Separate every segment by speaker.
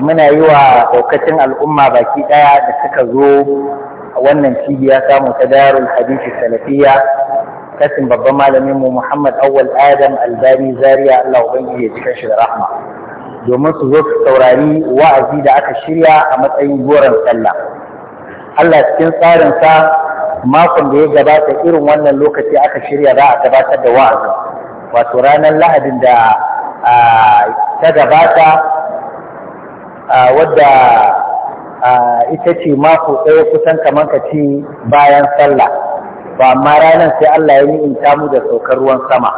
Speaker 1: muna yi wa daukacin al'umma baki daya da suka zo wannan cibiya samu ta darul hadisi salafiya kasin babban malamin mu Muhammad Awwal Adam Albani Zaria Allah ubangiji ya cika shi da rahma domin su zo su saurari wa'azi da aka shirya a matsayin goron sallah Allah cikin tsarin sa makon da ya gabata irin wannan lokaci aka shirya za a gabatar da wa'azi wato ranar Lahadin da ta gabata wadda ita ce mako ɗaya kusan kamar ka ce bayan sallah ba amma ranar sai Allah ya yi mu da saukar ruwan sama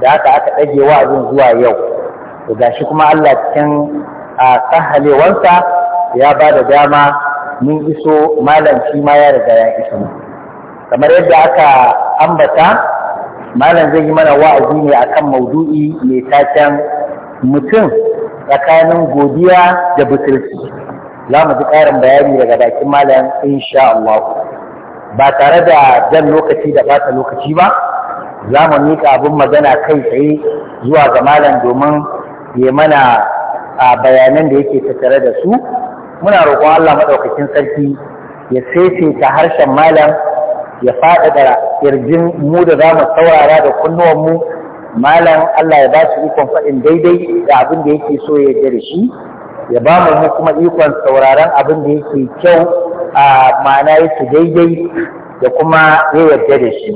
Speaker 1: da haka aka ɗage wa'azin zuwa yau to gashi kuma Allah cikin sahalewansa ya ba da dama mun iso malam shi ma ya riga ya iso kamar yadda aka ambata malam zai yi mana wa'azi ne akan maudu'i mai taken mutum tsakanin godiya da butulci za mu ji ƙarin bayani daga bakin malam insha Allah ba tare da jan lokaci da ɓata lokaci ba za mu miƙa abin magana kai tsaye zuwa ga malam domin ya mana a bayanan da yake tattare da su muna roƙon Allah maɗaukakin sarki ya ta harshen malam ya faɗaɗa ƙirjin mu da za mu saurara da kunnuwanmu malam Allah ya basu ikon faɗin daidai da abin da yake so ya da shi ya ba mu mu kuma ikon sauraron abin da yake kyau a ma'ana yake daidai da kuma ya yarda da shi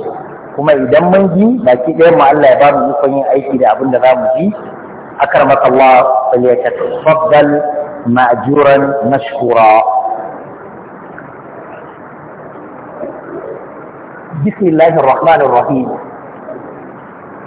Speaker 1: kuma idan mun ji baki ɗaya mu Allah ya ba mu ikon yin aiki da abin da za mu ji أكرمك الله فليتفضل مأجورا مشكورا
Speaker 2: بسم الله الرحمن الرحيم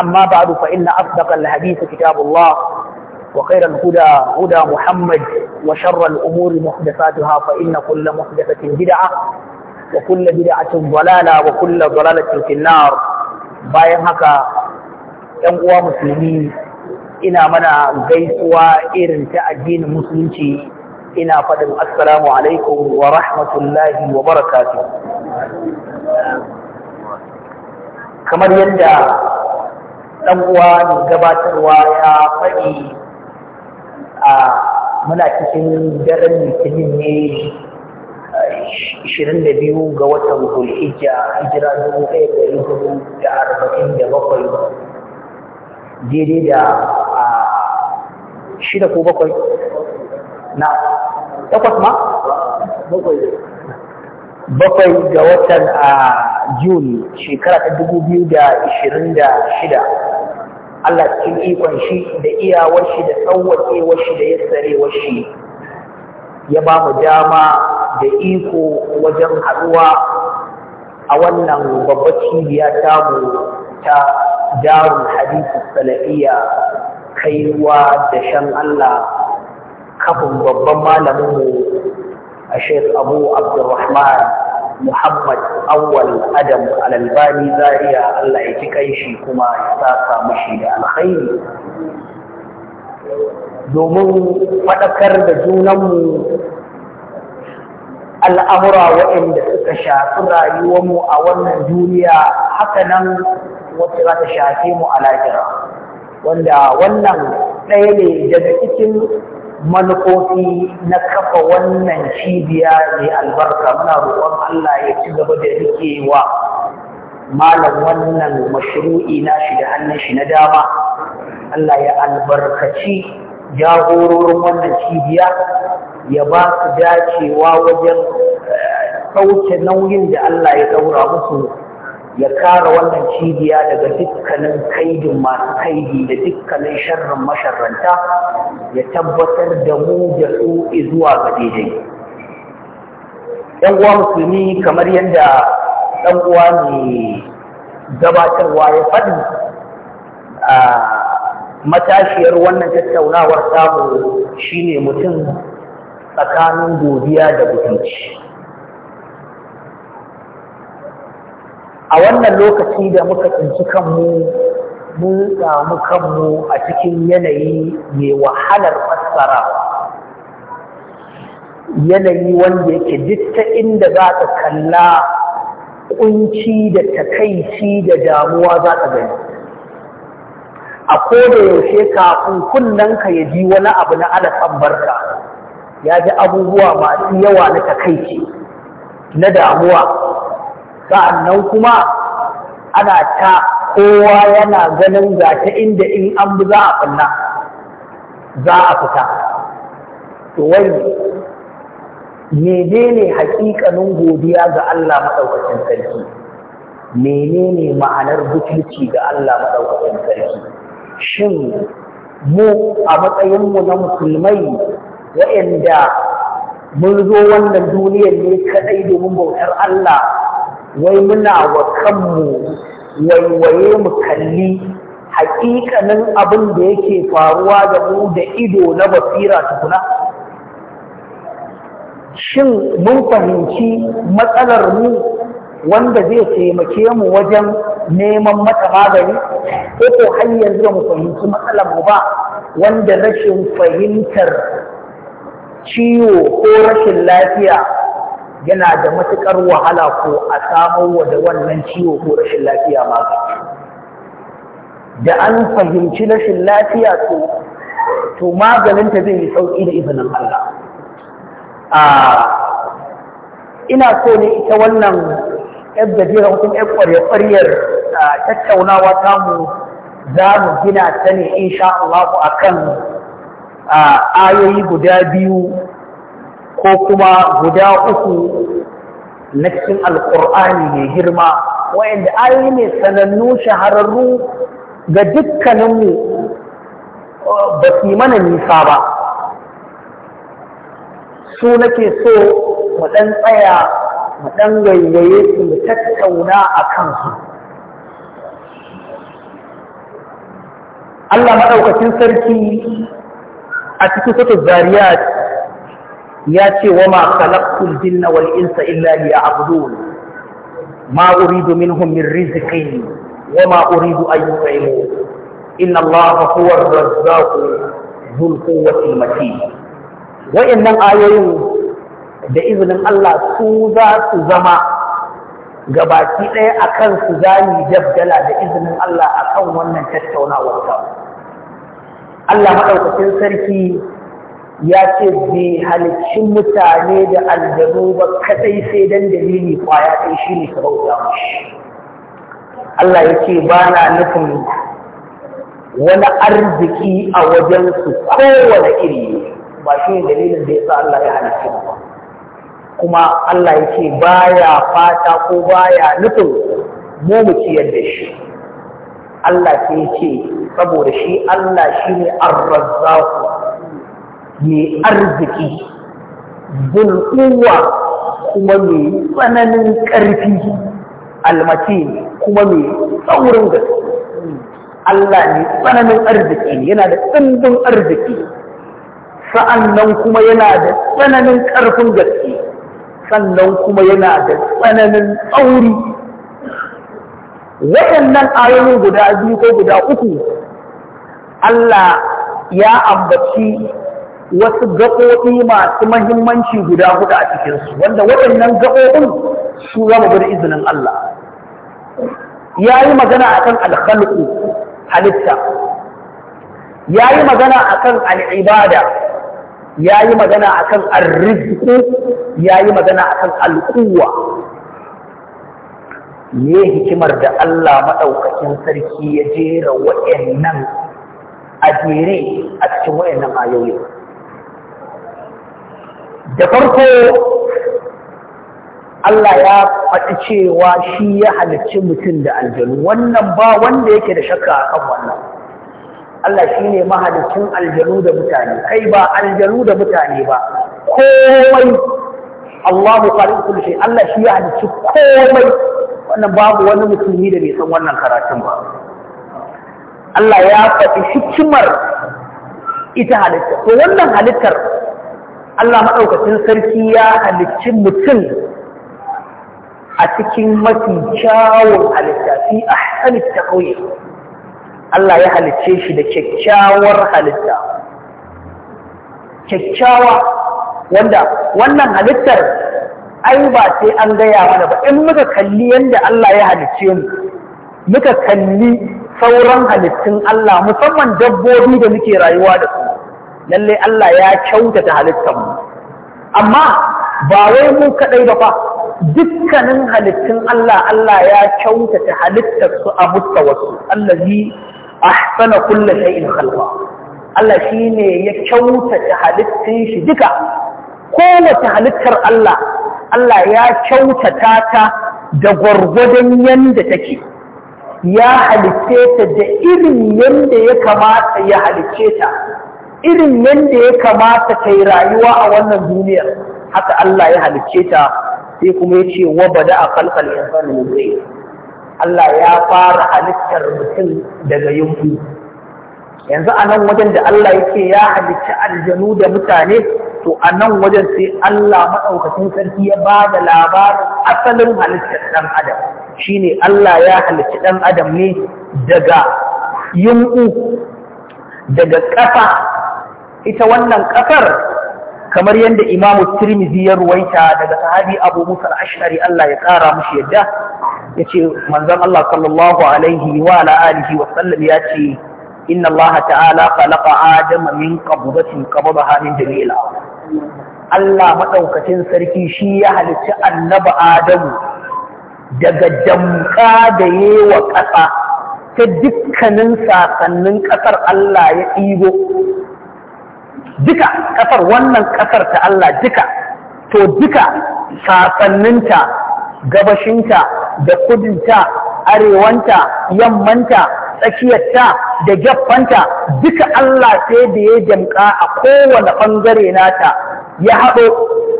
Speaker 2: أما بعد فإن أصدق الحديث كتاب الله وخير الهدى هدى محمد وشر الأمور محدثاتها فإن كل محدثة بدعة وكل بدعة ضلالة وكل ضلالة في النار باين هكا ينقوى مسلمين ina mana gaisuwa irin ta addinin musulunci ina faɗin assalamu alaikum wa
Speaker 1: rahmatullahi wa barakatu kamar yadda ɗan uwa ne gabatarwa ya
Speaker 2: faɗi a muna cikin daren litinin ne 22 ga watan hulhijja hijira bakwai daidai da shida ko bakwai na takwas ma? bakwai ga watan a juni shekara ta 2026 Allah cikin ikon shi da iyawar shi da tsawwacewar shi da yassarewar shi ya ba mu dama da iko wajen haɗuwa a wannan babbar cibiya mu ta darun hadisi salafiyya kaiwa da shan Allah kafin babban malaminmu a Sheikh Abu Abdulrahman Muhammad Awwal Adam Al-Albani Zaria Allah ya ji kanshi kuma ya saka mashi da alkhairi domin faɗakar da junanmu al'amura waɗanda suka shafi rayuwarmu a wannan duniya haka nan za ta shafe mu a lajira wanda wannan ɗaya ne daga cikin manufofi na kafa wannan cibiya mai albarka muna roƙon Allah ya ci gaba da rikewa malam wannan mashru'i na shi da hannun shi na dama Allah ya albarkaci jagororin wannan cibiya ya ba su dacewa wajen eh, sauke nauyin da Allah ya daura musu ya kare wannan cibiya daga dukkanin kaidin masu kaidi da dukkanin sharrin masharranta ya tabbatar da mu da su zuwa ga daidai uwa musulmi kamar yadda ɗan uwa ne gabatarwa ya faɗi a matashiyar wannan tattaunawar samu shine mutum tsakanin godiya da butunci a wannan lokaci da muka tsinci kanmu mun samu kanmu a cikin yanayi mai wahalar fassara yanayi wanda yake duk ta inda za ka kalla kunci da takaici da damuwa za ka gani a koda yaushe kafin kunnanka ya ji wani abu na alasan barka ya ji abubuwa masu yawa na takaici na damuwa sa'annan kuma ana ta kowa yana ganin ga ta inda in an bi za a kunna za a fita to wai menene hakikanin godiya ga Allah maɗaukacin sarki menene ma'anar butulci ga Allah maɗaukacin sarki shin mu a matsayinmu na musulmai waɗanda mun zo wannan duniyar ne kaɗai domin bautar Allah wai muna wa kanmu waiwaye mu kalli hakikanin abin da yake faruwa da mu da ido na basira tukuna shin mun fahimci matsalar mu wanda zai taimake mu wajen neman mata magani ko ko har yanzu ba mu fahimci matsalar mu ba wanda rashin fahimtar ciwo ko rashin lafiya yana da matuƙar wahala ko a samo da wannan ciwo ko rashin lafiya magani da an fahimci rashin lafiya to to maganinta zai yi sauƙi da izinin Allah a ina so ne ita wannan ƴar gajera hukun yar ƙwarya-ƙwaryar tattaunawa tamu za mu gina ta ne insha Allah akan ayoyi guda biyu ko kuma guda uku na cikin alƙur'ani mai girma wa'anda ayoyi ne sanannu shahararru ga dukkaninmu
Speaker 3: ba su yi mana nisa ba
Speaker 2: su nake so mu ɗan tsaya mu ɗan gayyaye su mu tattauna a kansu Allah maɗaukacin sarki a cikin sata Zariya. ya ce wa ma khalaqtul jinna wal insa illa liya'budun ma uridu minhum min rizqin wa ma uridu an yut'imun inna allaha huwa ar-razzaq dhul quwwati matin wa'annan ayoyin da izinin Allah su za su zama gabaki ɗaya a kan su zani dabdala da izinin Allah a kan wannan tattaunawar ta Allah maɗaukacin sarki ya ce bi halicci mutane da aljanu ba kadai sai dan dalili kwaya ɗaya shi ne sarauta mashi
Speaker 1: Allah ya ce ba na nufin
Speaker 2: wani arziki a wajensu kowane iri ba shi ne dalilin da ya sa Allah ya halicci ba kuma Allah ya ce ba ya fata ko ba ya nufin mu mu ciyar da shi Allah sai ce saboda shi Allah shi ne arrazzaku mai arziki zulkuwa kuma mai tsananin ƙarfi almati kuma mai tsaurin gaske Allah ne tsananin arziki ne yana da tsindin arziki sa'annan kuma yana da tsananin ƙarfin gaske sannan kuma yana da tsananin tsauri waɗannan ayoyi guda biyu ko guda uku Allah ya ambaci wasu gaɓoɓi masu mahimmanci guda hudu a cikinsu wanda waɗannan gaɓoɓin su zama gudu izinin Allah ya yi magana a kan alhalku halitta ya yi magana a kan al'ibada ya yi magana a kan arrizku ya yi magana a kan al'uwa ne hikimar da Allah maɗaukakin sarki ya jera waɗannan a jere a cikin waɗannan ayoyi da farko Allah ya faɗi cewa shi ya halicci mutum da aljanu wannan ba wanda yake da shakka a kan wannan Allah shi ne mahalicin aljanu da mutane kai ba aljanu da mutane ba komai Allah mu faru kullu shi Allah shi ya halicci komai wannan babu wani mutumi da bai san wannan karatun ba
Speaker 3: Allah ya faɗi
Speaker 2: hikimar ita halitta to wannan halittar Allah maɗaukacin sarki ya halicci mutum a cikin mafi kyawun halittafi a halitta ƙauye. Allah ya halicce shi da kyakkyawar halitta. Kyakkyawa wanda wannan halittar ai ba sai an gaya mana ba in muka kalli yadda Allah ya halicce mu muka kalli sauran halittun Allah musamman dabbobi da muke rayuwa da su lalle Allah ya kyautata halittar mu amma ba wai mu kadai ba fa dukkanin halittun Allah Allah ya kyautata halittar su a mutta wasu allazi ahsana kulli shay'in khalqa Allah shine ya kyautata halittun shi duka kowace halittar Allah Allah ya kyautata ta da gwargwadon yanda take ya halitte ta da irin yanda ya kamata ya halitte ta irin yadda ya kamata ka yi rayuwa a wannan duniyar haka Allah ya halicce ta sai kuma ya ce wa bada a kalkal insani min Allah ya fara halittar mutum daga yunfu yanzu a nan wajen da Allah yake ya halicci aljanu da mutane to a nan wajen sai Allah maɗaukacin sarki ya ba da labarin asalin halittar ɗan adam shine Allah ya halicci ɗan adam ne daga yunku daga ƙafa. ita wannan ƙasar kamar yadda imamu tirmizi ya ruwaita daga sahabi abu musa ashari Allah ya ƙara mushi yadda ya ce manzan Allah sallallahu alaihi wa ala alihi wa sallam ya ce inna Allah ta'ala khalaqa adama min qabdatin qabadaha min Allah maɗaukacin sarki shi ya halicci annaba Adamu daga damka da yewa ƙasa ta dukkanin sasannin ƙasar Allah ya ɗigo duka ƙasar wannan ƙasar ta Allah duka to duka sasanninta gabashinta da kudinta arewanta yammanta tsakiyarta da gaffanta duka Allah sai da ya jamka a kowane ɓangare nata ya haɗo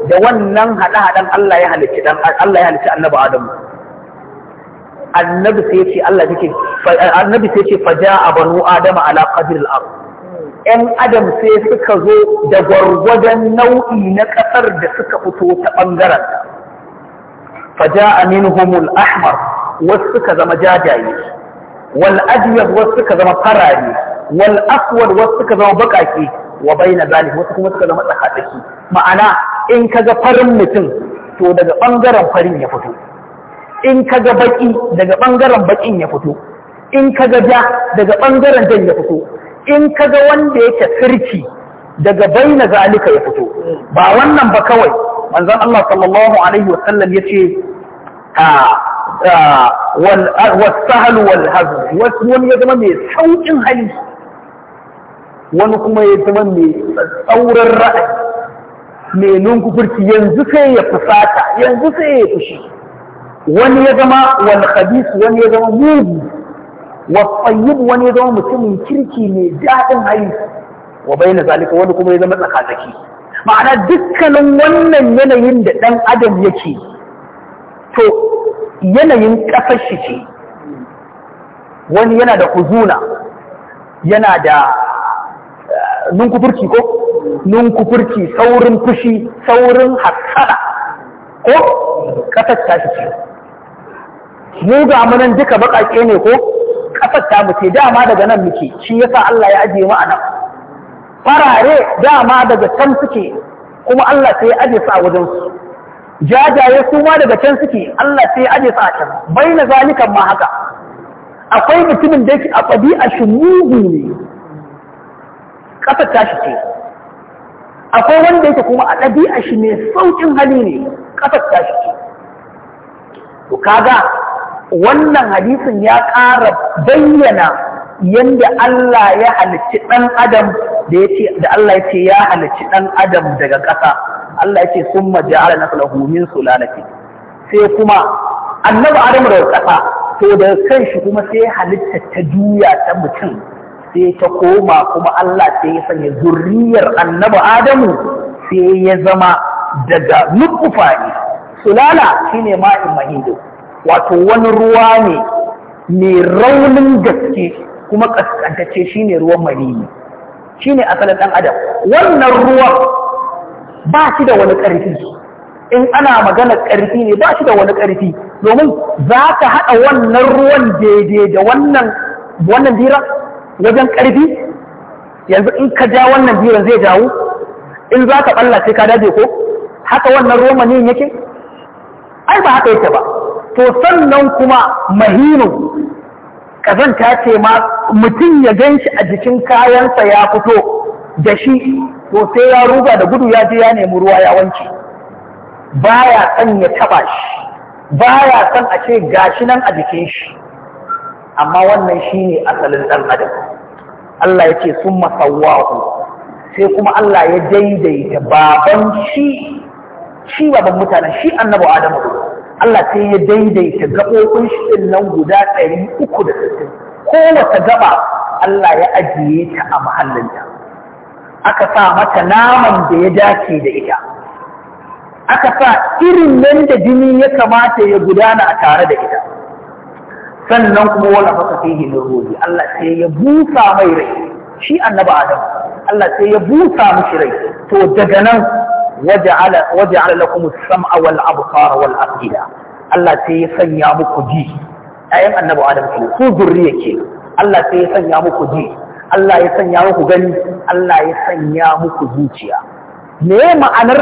Speaker 2: da wannan haɗe-haɗen Allah ya halicci annabi Adamu. annabi sai ce Allah yake annabi sai yace faja'a banu adama ala qadri al ɗan adam sai suka zo da gwargwadon nau'i na ƙasar da suka fito ta ɓangaren faja'a minhumul ahmar wasu suka zama jajaye wal adyad wasu suka zama farare wal aswad wasu suka zama baƙaƙe wa bayna zalik wasu kuma suka zama tsakatsaki ma'ana in ga farin mutum to daga ɓangaren farin ya fito in kaga baƙi daga ɓangaren baƙin ya fito in kaga ja daga ɓangaren jan ya fito in kaga wanda yake sirki daga baina zalika ya fito ba wannan ba kawai manzon Allah sallallahu alaihi wasallam yace a والسهل wasu wani ya zama mai saukin hali wani kuma ya zama mai tsaurin ra'ayi mai nunkufurci yanzu sai ya fusata yanzu sai ya fushi wani ya zama wal wani ya zama mugu wa wani ya zama mutumin kirki ne daɗin hali wa bayyana zalika wani kuma ya zama tsakatsaki ma'ana dukkanin wannan yanayin da ɗan adam yake to yanayin ƙasar shi ce wani yana da huzuna yana da eh, nunkufurki ko saurin fushi saurin hatsara, ko ƙasar ta ce mu ga munan duka baƙaƙe ne ko ƙasar ta mutu dama daga nan muke shi yasa Allah ya ajiye mu a nan farare dama daga can suke kuma Allah sai ya aje su a wajen su jajaye su ma daga can suke Allah sai ya aje su a can bai na zalikan ma haka akwai mutumin da yake a ɗabi'a shi mugu ne ƙasar shi ce akwai wanda yake kuma a ɗabi'a shi mai sauƙin hali ne ƙasar shi ce to kaga wannan hadisin ya ƙara bayyana yadda Allah ya halicci ɗan adam da ya ce da Allah ya ce ya halicci ɗan adam daga ƙasa Allah ya ce sun maja'ala na falahu min sulalati sai kuma annabi adam daga ƙasa to da shi kuma sai halitta ta juya ta mutum sai ta koma kuma Allah sai ya sanya zurriyar annabi adamu sai ya zama daga nukufa ne sulala shine ma'in mahido wato wani ruwa ne mai raunin gaske kuma shi ne ruwan maniyi ne asalin ɗan adam wannan ruwan ba shi da wani ƙarfi in ana magana ƙarfi ne ba shi da wani ƙarfi domin za ka haɗa wannan ruwan daidai da wannan wannan bira wajen ƙarfi yanzu in ka ja wannan biran zai jawo in za ka ɓalla sai ka dade ko haka wannan ruwan maniyin yake ai ba haka yake ba to sannan kuma mahino ta ce ma mutum ya gan shi a jikin kayansa ya fito da shi to sai ya ruga da gudu ya je ya nemi ruwa ya wanke baya san ya taba shi baya son a ce gashi nan a jikin shi amma wannan shine asalin dan adam Allah ya ce sun masawahu sai kuma Allah ya daidaita baban shi shi baban mutanen shi annabi Adamu Allah sai ya daidaita gaɓoɓin shi nan guda ɗari uku da sittin kowace gaba Allah ya ajiye ta a mahallinta aka sa mata naman da ya dace da ita aka sa irin nan da jini ya kamata ya gudana a tare da ita sannan kuma wala faka fihi min ruhi Allah sai ya busa mai rai shi annabi Adam Allah sai ya busa mishi rai to daga nan waje ala kuma sam'a wal absara wal afida Allah sai ya sanya muku ji ayan annabi adam kenan su zurriya ke Allah sai ya sanya muku ji Allah ya sanya muku gani Allah ya sanya muku zuciya me ma'anar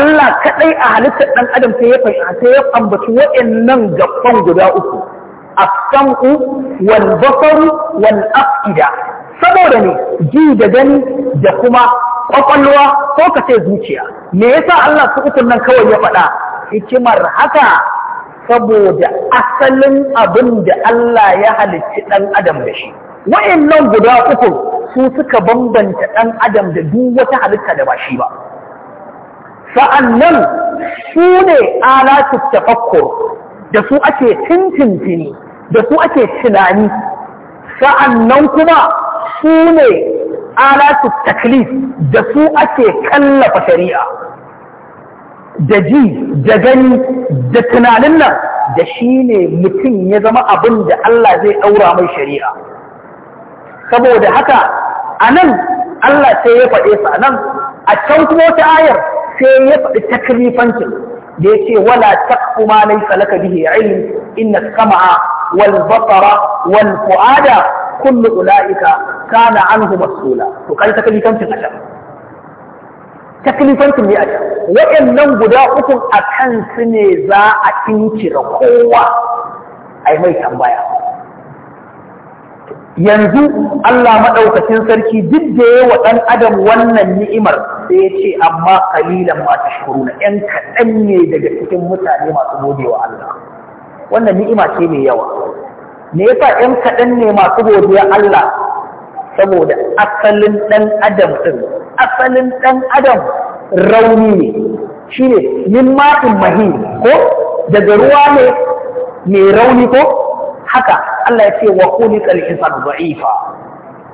Speaker 2: Allah kadai a halittar dan adam sai ya sai ya ambaci waɗannan gaban guda uku as-sam'u wal basaru wal afida saboda ne ji da gani da kuma kwakwalwa ko ka ce zuciya me yasa Allah su ukun nan kawai ya faɗa hikimar haka saboda asalin abin da Allah ya halicci ɗan adam da shi nan guda uku su suka bambanta ɗan adam da duk wata halitta da ba shi ba sa'annan su ne alatu tafakkur da su ake tintintini da su ake tunani sa'annan kuma su ne alatu taklif da su ake kallafa shari'a da ji da gani da tunanin nan da shi ne mutum ya zama abin da Allah zai ɗaura mai shari'a saboda haka a nan Allah sai ya faɗe sa nan a can kuma wata ayar sai ya faɗi taklifancin da ya ce wala taqfu ma laysa laka bihi ilm inna as-sam'a wal basara wal fu'ada kullu ula'ika kana anhu mas'ula to kai takalifancin a can takalifancin ne a can waɗannan guda uku a kan su ne za a tinkira kowa ai mai tambaya yanzu Allah maɗaukacin sarki duk da ya wa ɗan adam wannan ni'imar sai ce amma kalilan masu shuru na ‘yan kaɗan ne daga cikin mutane masu gode Allah wannan ni'ima ce mai yawa me yasa ɗan kaɗan ne masu godiya Allah saboda asalin ɗan adam ɗin asalin ɗan adam rauni ne shi ne min ma'in mahi ko daga ruwa ne mai rauni ko haka Allah ya ce wa kulikal sa da'ifa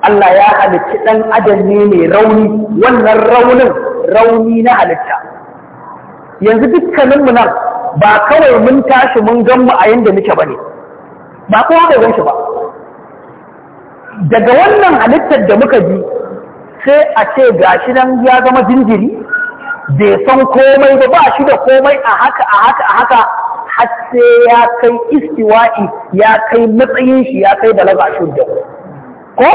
Speaker 2: Allah ya halicci ɗan adam ne mai rauni wannan raunin rauni na halitta yanzu dukkaninmu nan ba kawai mun tashi mun gan mu a yanda muke ba ne. ba kowa bai gan shi ba daga wannan halittar da muka ji sai a ce gashi nan ya zama jinjiri bai san komai ba ba shi da komai a haka a haka a haka har sai ya kai istiwa'i ya kai matsayin shi ya kai balaga ku. ko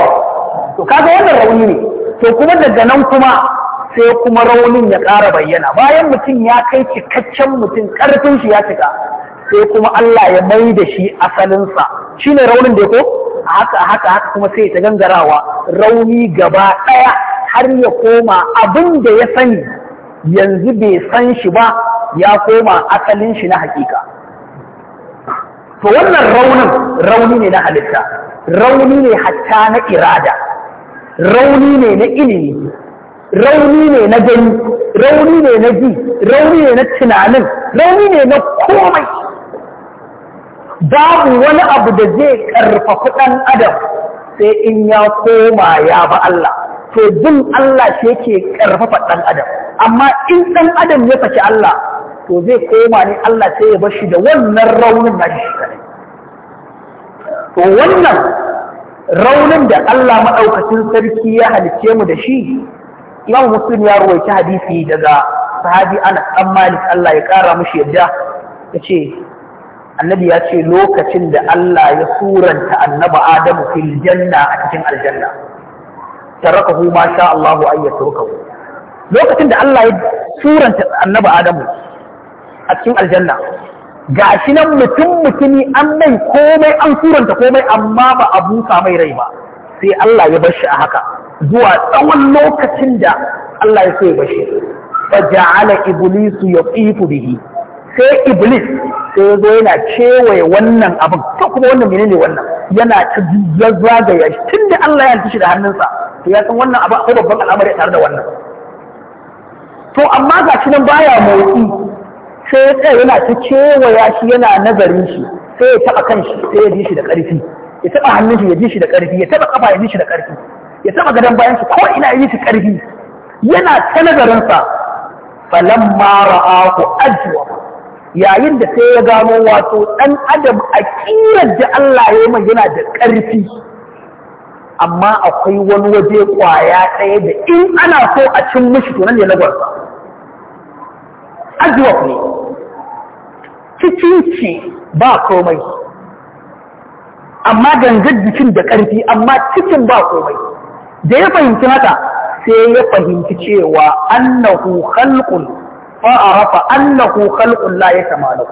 Speaker 2: to kaga wannan rauni ne to kuma daga nan kuma sai kuma raunin ya ƙara bayyana bayan mutum ya kai cikakken mutum ƙarfin shi ya cika sai kuma Allah ya mai da shi asalinsa shi ne raunin da ko a haka haka haka kuma sai ta gangarawa rauni gaba ɗaya har ya koma abin da ya sani yanzu bai san shi ba ya koma asalin shi na hakika
Speaker 3: to wannan raunin rauni ne
Speaker 2: na halitta rauni ne hatta na irada rauni ne na ilimi rauni ne na gani rauni ne na ji rauni ne na tunanin rauni ne na komai babu wani abu da zai karfafi ɗan adam sai in ya koma ya ba Allah to jin Allah shi yake karfafa ɗan adam amma in ɗan adam ya saki Allah to zai koma ne Allah sai ya bashi da wannan raunin na shi
Speaker 3: to wannan
Speaker 2: raunin da Allah maɗaukacin sarki ya halice mu da shi imam muslim ya rawaita hadisi daga sahabi ana an Malik Allah ya kara mushi yadda ce annabi ya ce lokacin da Allah ya suranta annaba Adamu fil janna a cikin aljanna tarakahu ma sha Allah ay yatrukahu lokacin da Allah ya suranta annaba Adamu a cikin aljanna ga shi nan mutum mutumi an mai komai an suranta komai amma ba a busa mai rai ba sai Allah ya bar shi a haka zuwa tsawon lokacin da Allah ya so ya bar shi fa ja'ala iblisu yaqifu bihi sai iblis sai ya zo yana kewaye wannan abin to kuma wannan menene wannan yana ta zazzagaya shi tun da Allah ya halitta da hannunsa to ya san wannan abu akwai babban al'amari tare da wannan to amma ga shi nan baya motsi sai ya tsaya yana ta kewaya shi yana nazarin shi sai ya taba kan shi sai ya ji shi da ƙarfi ya taba hannun shi ya ji shi da ƙarfi ya taba kafa ya ji shi da ƙarfi ya taba gadon bayan shi ko ina ya ji shi ƙarfi yana ta nazarin sa falamma ra'ahu ajwa yayin da sai ya gano wato ɗan adam a ƙirar da Allah ya mai yana da ƙarfi amma akwai wani waje ƙwaya ɗaya da in ana so a cin mishi to ne na gwarsa ajiyar ne ce ba komai amma gangar jikin da ƙarfi amma cikin ba komai da ya fahimci haka sai ya fahimci cewa annahu khalqun fa arafa annahu khalqun la yakmalu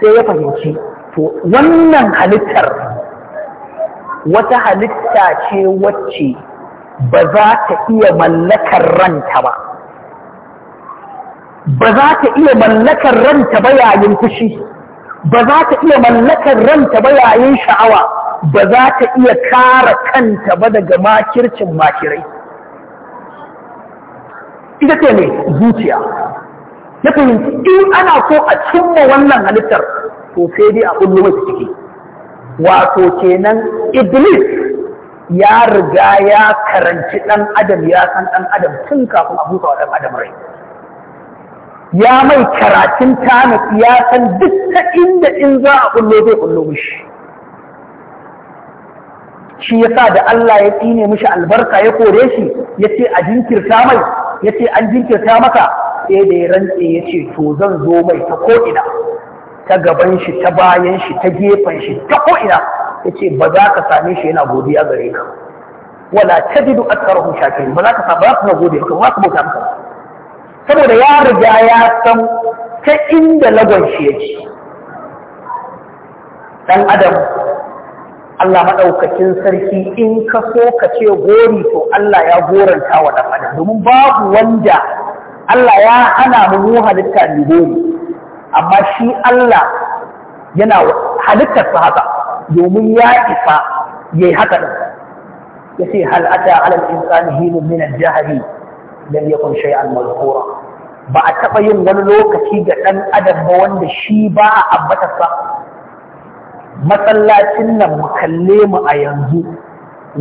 Speaker 2: sai ya fahimci to wannan halittar wata halitta ce wacce ba za ta iya mallakar ranta ba ba za ta iya mallakar ranta ba yayin kushi. ba za ta iya mallakar ranta ba yayin sha'awa ba za ta iya kara kanta ba daga makircin makirai ita ce ne zuciya ya fahimci in ana so a cimma wannan halittar to sai dai a kullu mai ciki wato kenan iblis ya riga ya karanci dan adam ya san dan adam tun kafin a busa wa dan adam rai ya mai karatun tana ya san duk ta inda in za a kullo zai kullo mishi shi ya sa da Allah ya tsine mishi albarka ya kore shi Ya ce a jinkirta mai Ya ce an jinkirta maka sai da ya rantse ya ce to zan zo mai ta ko'ina ta gaban shi ta bayan shi ta gefen shi ta ko'ina ya ce ba za ka same shi yana godiya gare ka wala ta jidu a tsarahun shakirin ba za ka saba za gode ka ba ka bauta maka saboda ya riga ya san ta inda lagon shi yake dan adam Allah maɗaukakin sarki in ka so ka ce gori to Allah ya goranta wa ɗan adam domin babu wanda Allah ya hana mu mu halitta ne amma shi Allah yana halittar haka domin ya isa yayi haka din yace hal ata ala al-insani hilun min al-jahli lam yakun shay'an mazkura ba a taɓa yin wani lokaci ga ɗan adam ba wanda shi ba a ambatarsa masallacin nan mu kalle mu a yanzu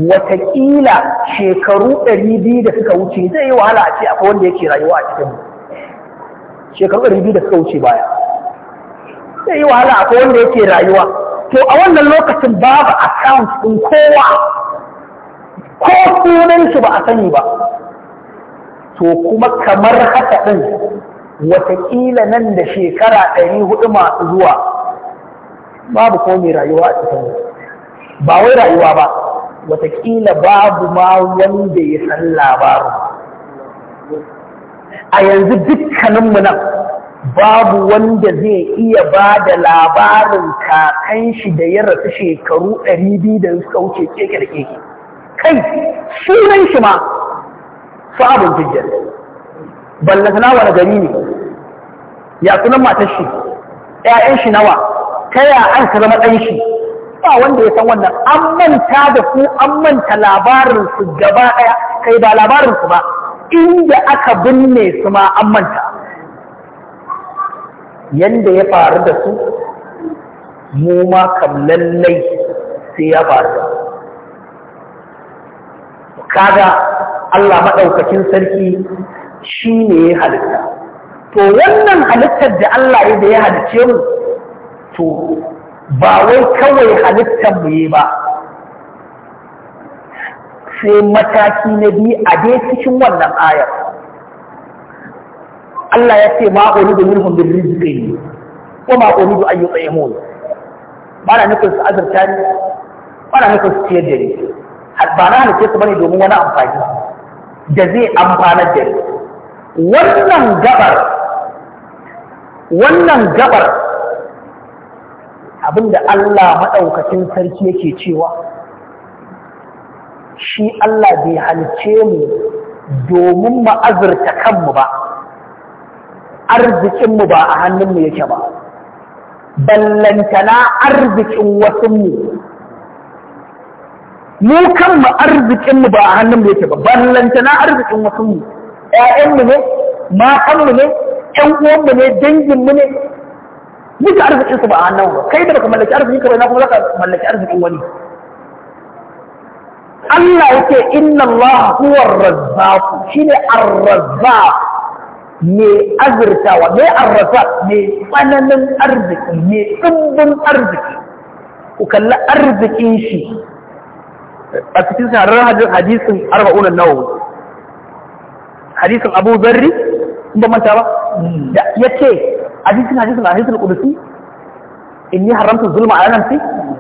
Speaker 2: watakila shekaru ɗari biyu da suka wuce zai yi wahala a ce akwai wanda yake rayuwa a cikin shekaru ɗari biyu da suka wuce baya zai yi wahala akwai wanda yake rayuwa to a wannan lokacin babu account ɗin kowa ko sunan shi ba a sani ba to kuma kamar haka ɗin watakila nan da shekara ɗari hudu masu zuwa babu ko mai rayuwa a cikin ba wai rayuwa ba watakila babu ma wanda ya san labarin a yanzu dukkaninmu nan babu wanda zai iya ba da labarin kakan shi da ya rasu shekaru 200 da suka wuce keke da keke kai sunan shi ma sabon jijjar ballatana wani gari ne ya sunan matashi? ‘ya'yan shi nawa ta ya an ka zama shi ba wanda ya san wannan an manta da ku an manta labarinsu gaba ɗaya kai ba labarinsu ba inda aka binne su ma an manta yanda ya faru da su mu ma kam lallai sai ya faru da kaga Allah maɗaukakin sarki shi ne ya halitta to wannan halittar da Allah ya da ya halicce mu to ba wai kawai halittar mu yi ba sai mataki na biyu a dai cikin wannan ayar Allah ya ce ma uridu minhum bil yi ko ma ayyuka ya yut'imun ba na nufin su azurta ni ba na nufin su ciyar da ni ba na halitta su bane domin wani amfani da zai amfanar da ni wannan gabar wannan gabar Abin da Allah maɗaukacin sarki yake cewa shi Allah bai halce mu domin ma'azurta kanmu ba arzikinmu ba a hannunmu yake ba ballantana arzikin wasunmu mu kanmu arzikinmu ba a hannunmu yake ba ballantana arzikin wasunmu ‘ya'yanmu ne matanmu ne ‘yan uwanmu ne danginmu ne duka arzikin su ba a hannun ba kai da ka mallaki arzikin ka na kuma zaka mallaki arzikin wani Allah yake inna Allah huwa ar-razzaq shine ar-razzaq me azurtawa me ar-razzaq me tsananin arziki me dimbin arziki ku kalli arzikin shi a cikin shahararren hadisin arba'un an-nawawi hadisin Abu Zarri in ba manta ba yace a cikin hadisin hadisul qudsi inni haramtu zulma ala nafsi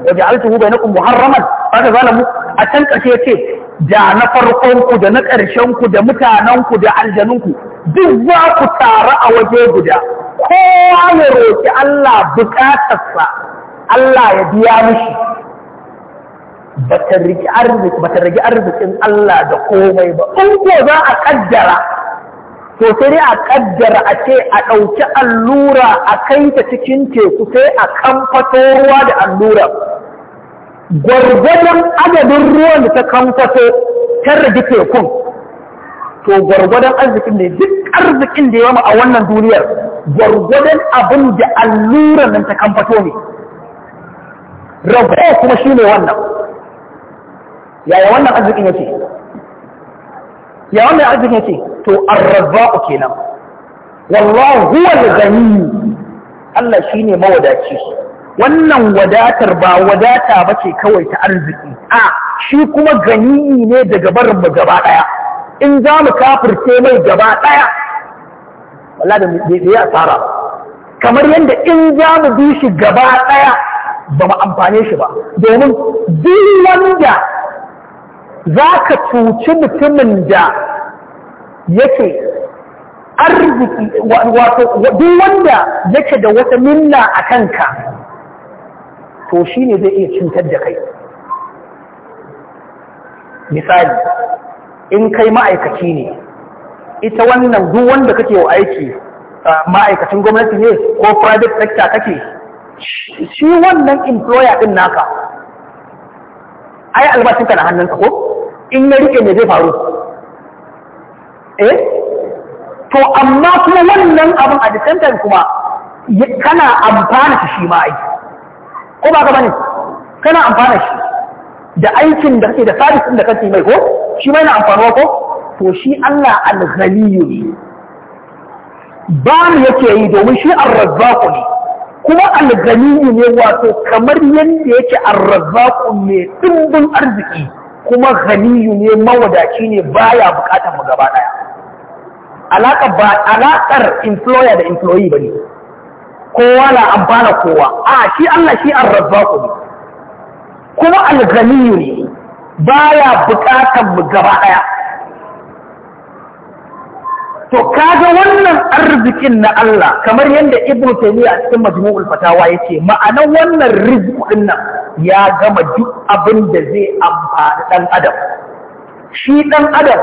Speaker 2: wa ja'altuhu bainakum muharraman fa zalamu a can ƙarshe ce da na farkonku da na ƙarshenku da mutanenku da aljanunku duk za ku taru a waje guda kowa ya roƙi Allah buƙatarsa Allah ya biya mishi ba ta rigi arzikin Allah da komai ba in ko za a ƙaddara to sai dai a kaddara a ce a ɗauki allura a kai ta cikin teku sai a kamfato ruwa da allura gwargwadon adadin ruwan da ta kamfato ta rage tekun to gwargwadon arzikin ne duk arzikin da ya yi a wannan duniyar gwargwadon abin da allura nan ta kamfato ne rago kuma shi ne wannan yaya wannan arzikin yake ya wannan arzikin ce. to arrazzaqu kenan wallahu huwal ghani Allah shine mawadaci wannan wadatar ba wadata ba ce kawai ta arziki a shi kuma gani ne daga barin mu gaba daya in za mu kafirce mai gaba daya Allah da bai asara kamar yadda in za mu bi shi gaba daya ba mu amfane shi ba domin duk wanda za ka cuci mutumin da yake arziki wato duk wanda yake da wata minna a kanka to shi ne zai iya cutar da kai misali in kai ma'aikaci ne ita wannan duk wanda kake wa aiki ma'aikacin gwamnati ne ko private sector kake shi wannan employer din naka ai albashin ka na hannunka ko in ya rike me zai faru eh to amma kuma wannan abin a disantar kuma kana amfana shi shi ma ai ko ba ka bane kana amfana shi da aikin da kake da sabis din da kake mai ko shi ma yana amfanuwa ko to shi Allah al-ghaniyyu ne ba mu yake yi domin shi ar-razzaqu ne kuma algani ne wato kamar yadda yake arzaku mai dimbin arziki kuma ganiyu ne mawadaci ne baya bukatar mu gaba daya alaka ba alakar employer da employee bane kowa na amfana kowa a shi Allah shi arzaku ne kuma algani ne baya bukatar mu gaba daya to kaga wannan arzikin na Allah kamar yadda Ibn Taymiyya a cikin Majmu'ul Fatawa yake ma'ana wannan rizqin nan ya gama duk abin da zai amfani dan adam shi dan adam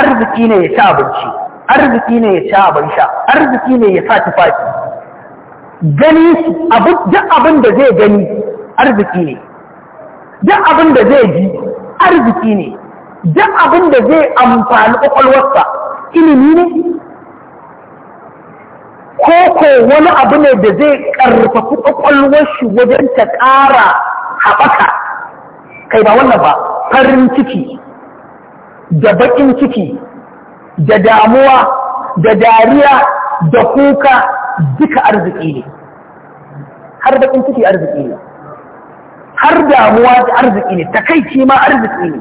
Speaker 2: arziki ne ya ci abinci arziki ne ya ci abin sha arziki ne ya sa tufafi gani abu duk abin da zai gani arziki ne duk abin da zai ji arziki ne duk abin da zai amfani kwakwalwarsa ilimi ne ko ko wani abu ne da zai ƙarfafi ƙwaƙwalwar shi wajen ta ƙara haɓaka kai ba wannan ba farin ciki da baƙin ciki da damuwa da dariya da kuka duka arziki ne har baƙin ciki arziki ne har damuwa da arziki ne Ta takaici ma arziki ne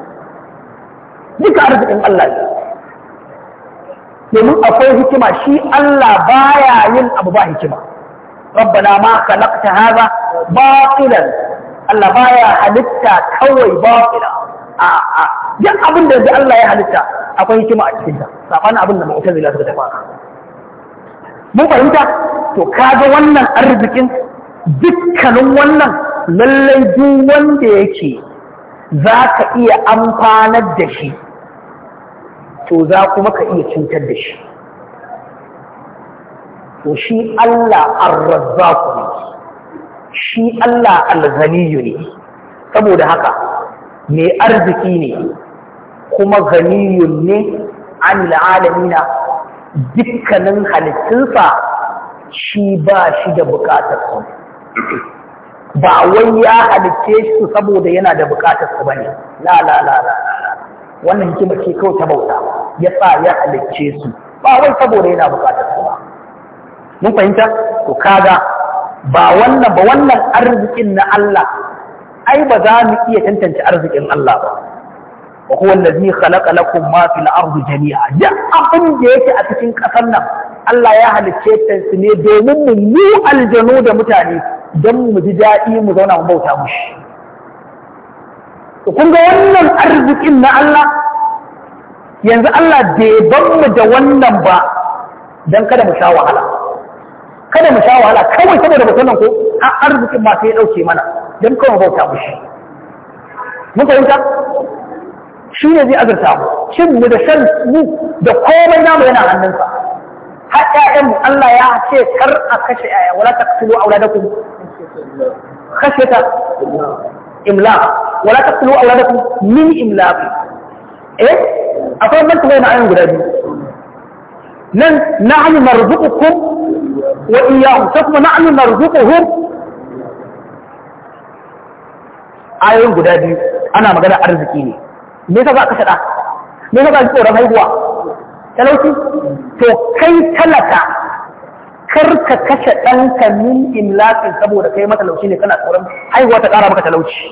Speaker 2: duka arzikin Allah ne domin akwai hikima shi Allah baya yin abu ba hikima rabbana ma khalaqta hadha batilan Allah baya halitta kawai batila a a duk abin da yanzu Allah ya halitta akwai hikima a cikin ta sabanin abin da mu'tazila da tafa mun fahimta to kaga wannan arzikin dukkanin wannan lallai duk wanda yake za ka iya amfanar da shi to za kuma ka iya cutar da shi to shi Allah ar ne shi Allah al ne saboda haka mai arziki ne kuma ghaniyun ne anil alamina dukkanin halittunsa shi ba shi da bukatar su ba wai ya halicce su saboda yana da bukatar su bane la la la la wannan hikima ce kawai ta bauta ya sa ya halicce su ba wai saboda yana bukatar su ba mun fahimta to kaga ba wannan ba wannan arzikin na Allah ai ba za mu iya tantance arzikin Allah ba wa huwa allazi khalaqa lakum ma fil ardi jami'a da abin da yake a cikin kasar nan Allah ya halicce ta su ne domin mu aljanu da mutane dan mu ji daɗi mu zauna mu bauta mushi to kun ga wannan arzikin na Allah yanzu Allah bai ban mu da wannan ba dan kada mu sha wahala kada mu sha wahala kawai saboda ba sanan ko an arzikin ma sai ya dauke mana dan kawai bauta mushi mun fahimta shi ne zai azurta mu shin mu da shan mu da komai namu yana hannunsa har mu Allah ya ce kar a kashe ƴaƴa wala taqtulu auladakum ta. imlaq wala taqtulu awladakum min imlaq eh akwai ban tsaye ma'ayin guda biyu nan na'anu marzuqukum wa iyyahum sai kuma na'anu marzuquhum ayoyin guda biyu ana magana arziki ne me yasa za ka shada me yasa za haihuwa talauci to kai talaka kar ka kashe ɗanka min imlaqin saboda kai matalauci ne kana tsoron haihuwa ta ƙara maka talauci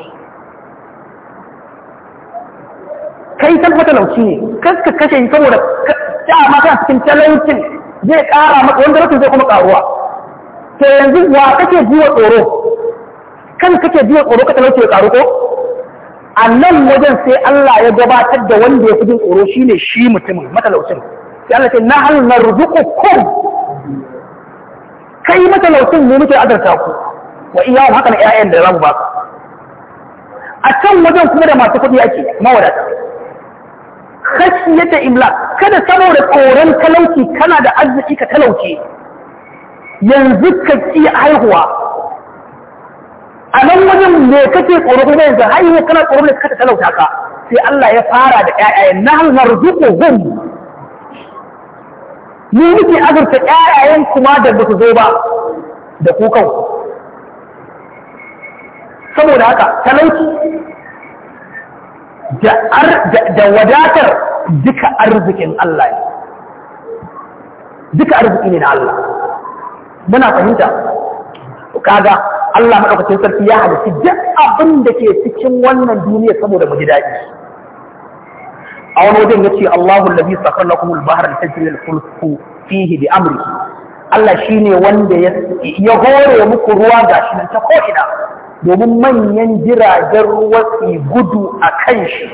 Speaker 2: kai kan matalauci ne kar ka kashe shi saboda ta ma kana cikin talaucin zai ƙara maka wanda rashin zai kuma ƙaruwa to yanzu wa kake jiwa tsoro kan kake jiwa tsoro ka talauci ya ƙaru ko a nan wajen sai Allah ya gabatar da wanda ya fi jin tsoro shine shi mutumin matalaucin sai Allah ce na hal narzuqukum kai matalaucin mu muke azarta ku wa iyawun haka na ƴaƴan da za mu baka a can wajen kuma da masu kuɗi ake mawadata khashiyata imla kada saboda tsoron talauci kana da arziki ka talauce yanzu ka ci haihuwa a nan wajen me kake tsoro kuma yanzu haihuwa kana tsoro ne ka talauta ka sai Allah ya fara da ƴaƴa na narzuquhum ni muke azurta ƴaƴayen kuma da ba su zo ba da kukan saboda haka talauci da wadatar duka arzikin Allah duka arziki ne na Allah muna fahimta kaga Allah maɗaukacin sarki ya halitta duk abin da ke cikin wannan duniya saboda mu ji daɗi a wani wajen yace Allahu allazi sakhara lakum al-bahra litajri al-fulku fihi bi amri Allah shine wanda ya hore muku ruwa ga
Speaker 3: shi nan ta ko'ina
Speaker 2: domin manyan jiragen ruwa su gudu a kan shi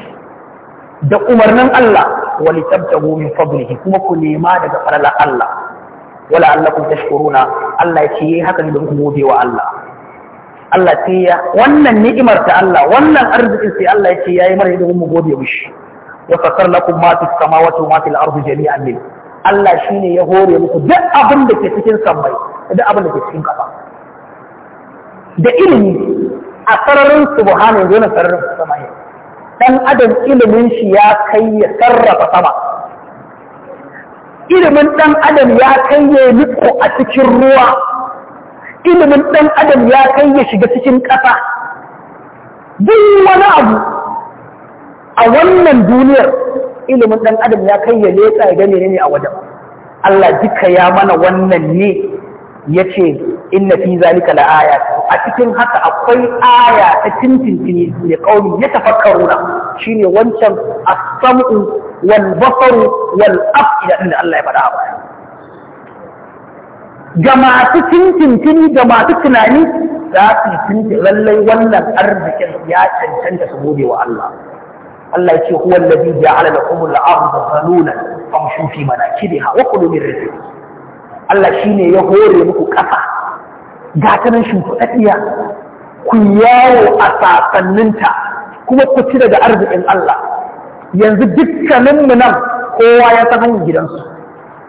Speaker 2: da umarnin Allah wani tabtabu min fadlihi kuma ku nema daga farala Allah wala allakum tashkuruna Allah ya ce yayi haka ne da muku gode wa Allah Allah sai ya wannan ni'imar ta Allah wannan arzikin sai Allah ya ce ya yi mara don mu gode mishi ya fassar lakum ma fi samawati wa ma fil ardi jami'an min Allah shine ya hore muku duk abin da ke cikin samai, duk abin da ke cikin kafa da ilimi a sararin subhana yanzu na sararin sama ne dan adam ilimin shi ya kai ya sarrafa sama ilimin dan adam ya kai ya niko a cikin ruwa ilimin dan adam ya kai ya shiga cikin ƙasa duk wani abu a wannan duniyar ilimin ɗan adam ya kai ya leƙa ya gane ne a wajen Allah duka ya mana wannan ne ya ce inna fi zalika la aya a cikin haka akwai aya ta tintintini ne kauli ya tafakkaruna shine wancan as-sam'u wal basaru wal afida inda Allah ya faɗa baya ga masu tintintini da masu tunani za su tintin lallai wannan arzikin ya cancanta su gode wa Allah Allah ce huwa alladhi ja'ala lakum al-ardha zalulan famshu fi manakibiha wa kulu min rizqi Allah shine ya hore muku kafa ga ta nan ku yawo a sasanninta kuma ku ci daga arzikin Allah yanzu dukkaninmu nan kowa ya san hanyar gidansu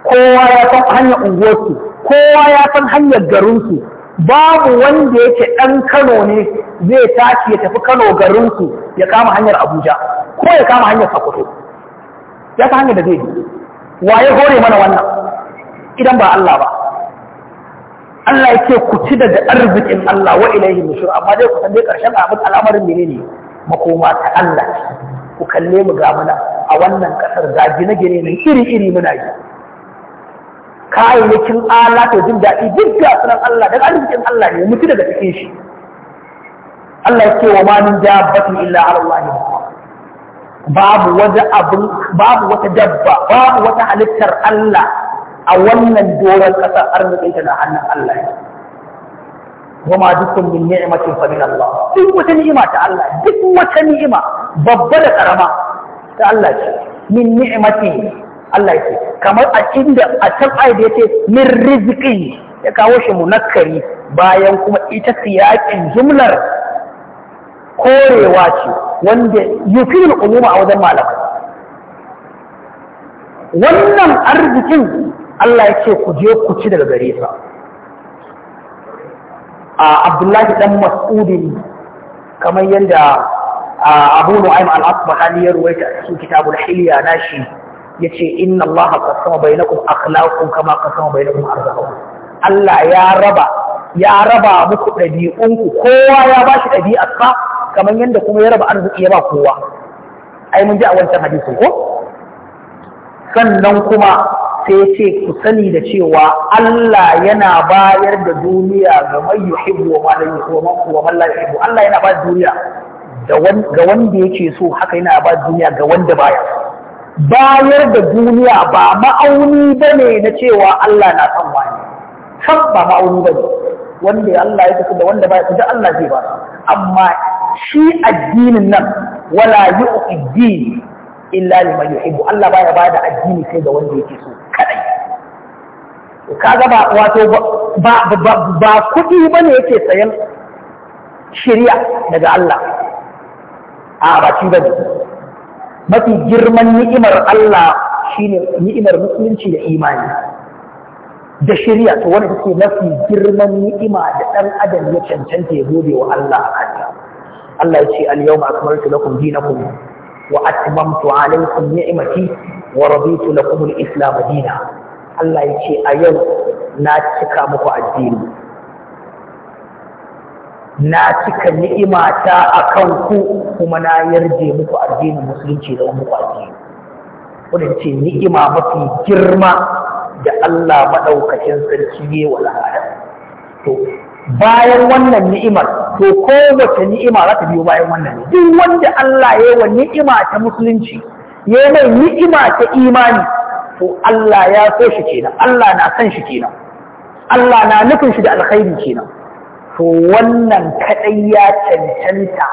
Speaker 2: kowa ya san hanyar unguwarsu kowa ya san hanyar garinsu babu wanda yake ɗan Kano ne zai tashi ya tafi Kano garinsu ya kama hanyar Abuja ko ya kama hanyar Sokoto ya ta hanyar da zai waye hore mana wannan idan ba Allah ba Allah ya ce ku ci daga arzikin Allah wa ilaihi mushur amma dai ku san dai karshen abin al'amarin menene makoma ta Allah ku kalle mu ga mana a wannan kasar ga gine-gine iri-iri muna yi kayayyakin ala to jin daɗi duk ga sunan Allah daga arzikin Allah ne mutu daga cikin shi Allah ya ce wa ma min dabbatin illa ala Allah babu wata abin babu wata dabba babu wata halittar Allah a wannan doron kasar arzikin ta na hannun Allah ne wa ma dukkan min ni'matin fa min Allah duk wata ni'ima ta Allah duk wata ni'ima babba da karama ta Allah ce min ni'mati Allah yake kamar a inda a can ayat ya min riziki ya kawo shi munakkari bayan kuma ita siyakin jumlar korewa ce wanda yufil umuma a wajen malaka wannan arzikin Allah yake ku je ku ci daga gare sa a Abdullahi dan Mas'udin kamar yadda Abu Nu'aym al-Asbahani ya ruwaita a cikin kitabul Hilya nashi ya ce inna Allah sama bai na kuma akhlaqun kama sama bai na kuma arzakum Allah ya raba ya raba muku ɗabi'unku kowa ya ba shi ɗabi'arsa kamar yadda kuma ya raba arziki ya ba kowa ai mun ji a wancan hadisin ko sannan kuma sai ya ce ku sani da cewa Allah yana bayar da duniya ga mai yuhibbu wa man yuhibbu wa man la yuhibbu Allah yana ba duniya ga wanda yake so haka yana ba duniya ga wanda baya so bayar da duniya ba ma'auni ba ne na cewa Allah na san wani kan ba ma'auni ba ne wanda Allah ya tafi da wanda ba ya tafi Allah zai ba amma shi addinin nan wala yu'ti din illa liman yuhibbu Allah baya ba da addini sai ga wanda yake so kadai kaga ba wato ba ba kuɗi bane yake sayan shirya daga Allah a ba ci bane mafi girman ni'imar Allah shine ni'imar musulunci da imani da shirya to wanda take mafi girman ni'ima da ɗan adam ya cancanta ya gode wa Allah a kanta Allah ya ce al-yawma akmaltu lakum dinakum wa atmamtu alaykum ni'mati wa raditu lakum al-islam dinan Allah ya ce a yau na cika muku addini na cika ni'imata a kan ku kuma na yarje muku addinin musulunci da muku addini wadda ce ni'ima mafi girma da Allah maɗaukacin sarki ne wa to bayan wannan ni'imar to kowace ni'ima za ta biyo bayan wannan duk wanda Allah ya yi wa ni'ima ta musulunci ya yi mai ni'ima ta imani to Allah ya so shi kenan Allah na san shi kenan Allah na nufin shi da alkhairi kenan to wannan kaɗai ya cancanta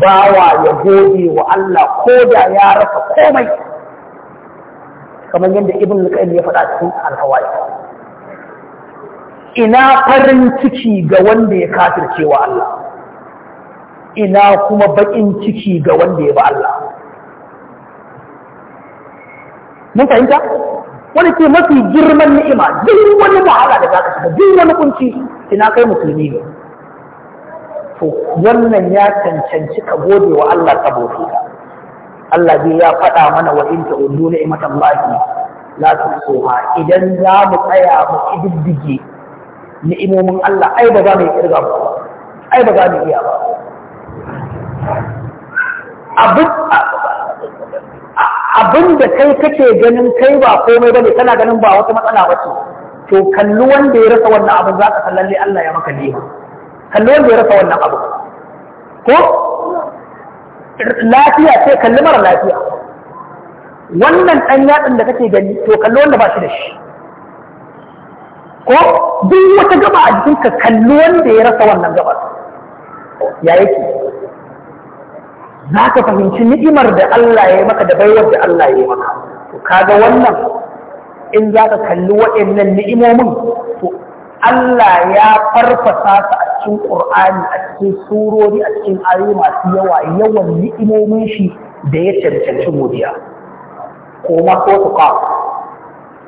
Speaker 2: bawa ya gode wa Allah ko da ya rasa komai kamar yadda ibn al ya faɗa cikin alhawai ina farin ciki ga wanda ya kafirce wa Allah ina kuma baƙin ciki ga wanda ya ba Allah mun fahimta wani ce mafi girman ni'ima duk wani mahala da zaka shiga duk wani kunci ina kai musulmi ne to wannan ya cancanci ka gode wa Allah saboda ka Allah zai ya faɗa mana wa in ta ullu matan lahi la tuhsuha idan za mu tsaya mu kididdige ni'imomin Allah ai ba za mu kirga ba ai ba za mu iya ba abin abin da kai kake ganin kai ba komai bane kana ganin ba wata matsala ba ce to kalli wanda ya rasa wannan abin za ka san lalle Allah ya maka nema kalli wanda ya rasa wannan abu ko lafiya ce kalli mara lafiya wannan ɗan yatsin da kake gani to kalli wanda ba shi da shi ko duk wata gaba a jikinka kalli wanda ya rasa wannan gabar ya yake za ka fahimci ni'imar da Allah ya yi maka da baiwar da Allah ya yi maka to kaga wannan in za ka kalli waɗannan ni'imomin to Allah ya farfasa su a cikin ƙur'ani a cikin surori a cikin ayoyi masu yawa yawan ni'imomin shi da ya cancanci godiya ko ma ko tuqa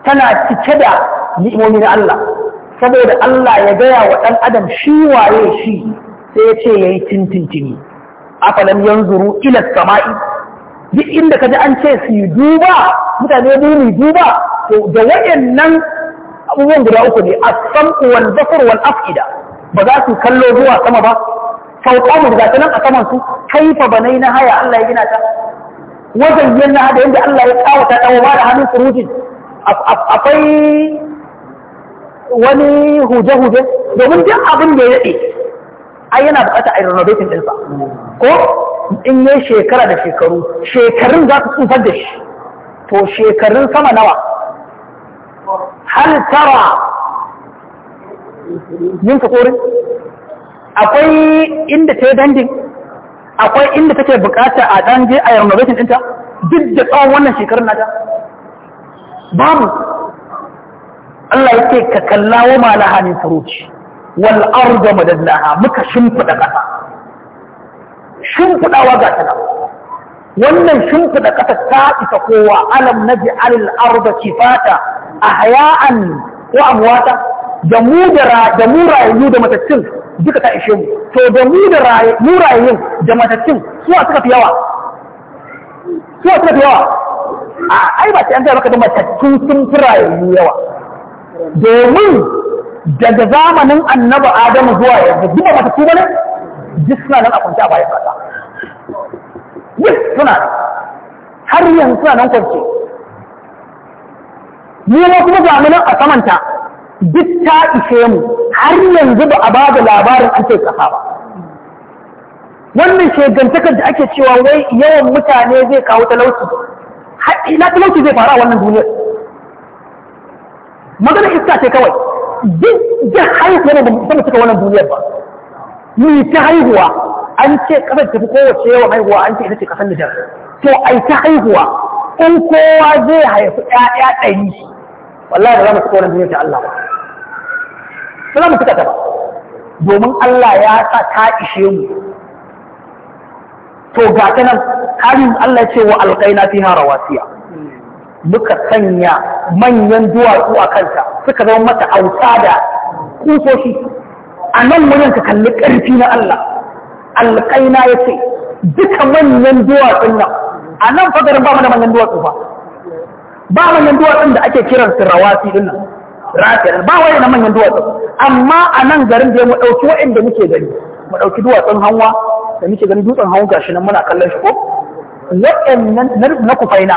Speaker 2: tana cike da ni'imomin Allah saboda Allah ya gaya wa ɗan adam shi waye shi sai ya ce yayi tintintini afalan yanzuru ila samai duk inda ji an ce su yi duba mutane duni duba to da waɗannan abubuwan guda uku ne as-sam'u wal basar wal af'ida ba za su kallo zuwa sama ba sauƙa mu daga nan a saman su kaifa banai na haya Allah ya gina ta wajen yana da yadda Allah ya kawata ta ba da hannun surutin, akwai wani huje-huje domin duk abin da ya daɗe ai yana buƙata a renovating ɗinsa ko in yi shekara da shekaru shekarun za su tsufar da shi to shekarun sama nawa
Speaker 3: hal tara
Speaker 2: yin kakori akwai inda ta yi dandin akwai inda take bukata a dan je a renovation ɗinta duk da tsawon wannan shekarun nata babu Allah ya ce ka kalla wa malaha min furuci wal arda madallaha muka shimfida kasa shimfidawa ga tana wannan shimfida ƙasa ta isa kowa alam na nabi alil arda kifata ahya'an ko amwata da mu da da mu da matattun duka ta ishe mu to da mu da mu rayayyun da matattun suwa suka fi yawa suwa suka fi yawa a ai ba sai an ga maka da matattun sun fi rayu yawa domin daga zamanin annabi adamu zuwa yanzu duka matattu bane duk suna nan a kwance a bayan kasa yes suna har yanzu suna nan kwance mu ma kuma ga nan a samanta duk ta ishe mu har yanzu ba a ba da labarin an ce kasa ba wannan shegantakar da ake cewa wai yawan mutane zai kawo talauci ina talauci zai faru a wannan duniyar magana iska ce kawai duk da haihuwa da musamman cika wannan duniyar ba ni ta haihuwa an ce kasar tafi kowace yawan haihuwa an ce ita ce kasar nijar to ai ta haihuwa in kowa zai haifi ɗaya ɗari wallahi ba za mu saka wannan duniya ta Allah ba ba za mu saka ta ba domin Allah ya sa ta ishe mu to ga ta nan halin Allah ya ce wa fi hara wasiya muka sanya manyan duwatsu a kanta suka zama mata auta da kusoshi a nan wurin ka kalli ƙarfi na Allah alƙaina ya ce duka manyan duwatsun nan a nan fadarin ba mana manyan duwatsu ba ba manyan duwatsun da ake kiran su rawasi din nan rafiya ba wai na manyan duwatsun amma a nan garin da mu dauki waɗanda muke gani mu ɗauki duwatsun hanwa da muke gani dutsen hanwa gashi nan muna kallon shi ko waɗannan na kufaina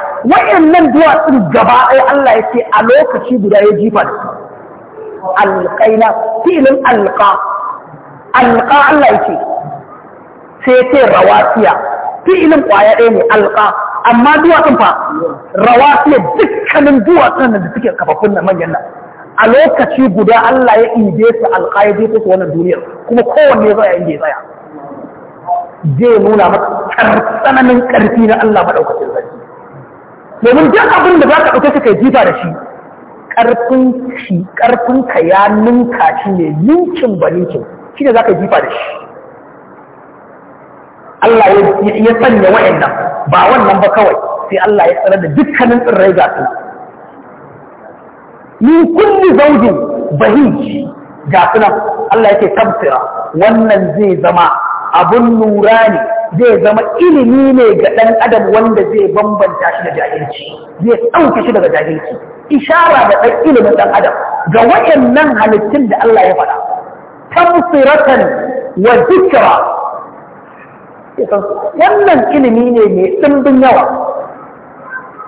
Speaker 2: nan duwatsun gaba ɗaya Allah ya ce a lokaci guda ya jifa da su alƙaina filin alƙa alƙa Allah ya ce sai ce rawasiya filin ƙwaya ɗaya ne alƙa amma duwatsun fa rawa ne dukkanin duwatsun da suke kafafun na manyan nan
Speaker 3: a lokaci
Speaker 2: guda Allah ya inje su alƙaidi ko su wannan duniyar kuma kowanne zai inda ya
Speaker 3: tsaya
Speaker 2: zai nuna maka tsananin ƙarfi na Allah maɗaukacin sarki domin duk abin da za ka ɗauke shi kai jifa da shi ƙarfin ka ya ninka shi ne ninkin ba ninkin shi ne za ka jifa da shi Allah ya sanya wa'annan ba wannan ba kawai sai Allah ya tsara da dukkanin tsirrai ga su min kulli zawjin bahij ga su nan Allah yake wannan zai zama abun lura ne zai zama ilimi ne ga ɗan adam wanda zai bambanta shi da jahilci zai ɗauke shi daga jahilci ishara da ɗan ilimin ɗan adam ga waɗannan halittun da Allah ya faɗa tabsiratan wa zikra wannan ilimi ne mai ɗimbin yawa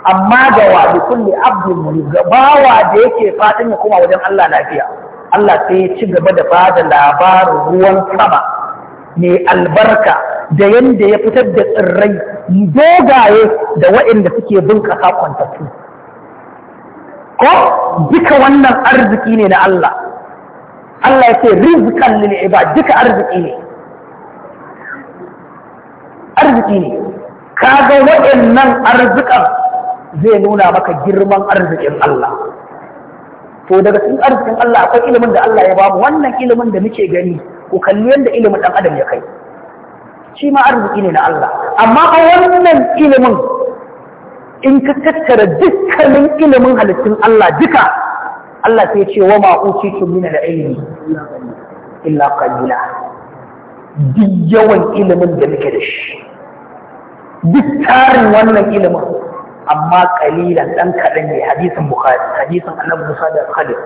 Speaker 2: amma da wani kulle kulli abdin bawa da yake fatan ya koma wajen Allah lafiya Allah sai ya ci gaba da bada labarin ruwan sama mai albarka da yanda ya fitar da tsirrai dogaye da waɗanda suke bunƙasa kwantattu ko duka wannan arziki ne na Allah Allah ya ce rizqan lil ibad duka arziki ne arziki ne
Speaker 3: ga waɗannan
Speaker 2: arzikan zai nuna maka girman arzikin Allah to daga cikin arzikin Allah akwai ilimin da Allah ya ba mu wannan ilimin da muke gani ku kalli yadda ilimin ɗan adam ya kai shi ma arziki ne na Allah amma a wannan ilimin in ka tattara dukkanin ilimin halittun Allah duka Allah sai ce wa ma utitu min al-ilmi illa qalila duk yawan ilimin da muke da shi duk tarin wannan ilimin amma kalilan dan kaɗan ne hadisin bukhari hadisin annabi musa da khalid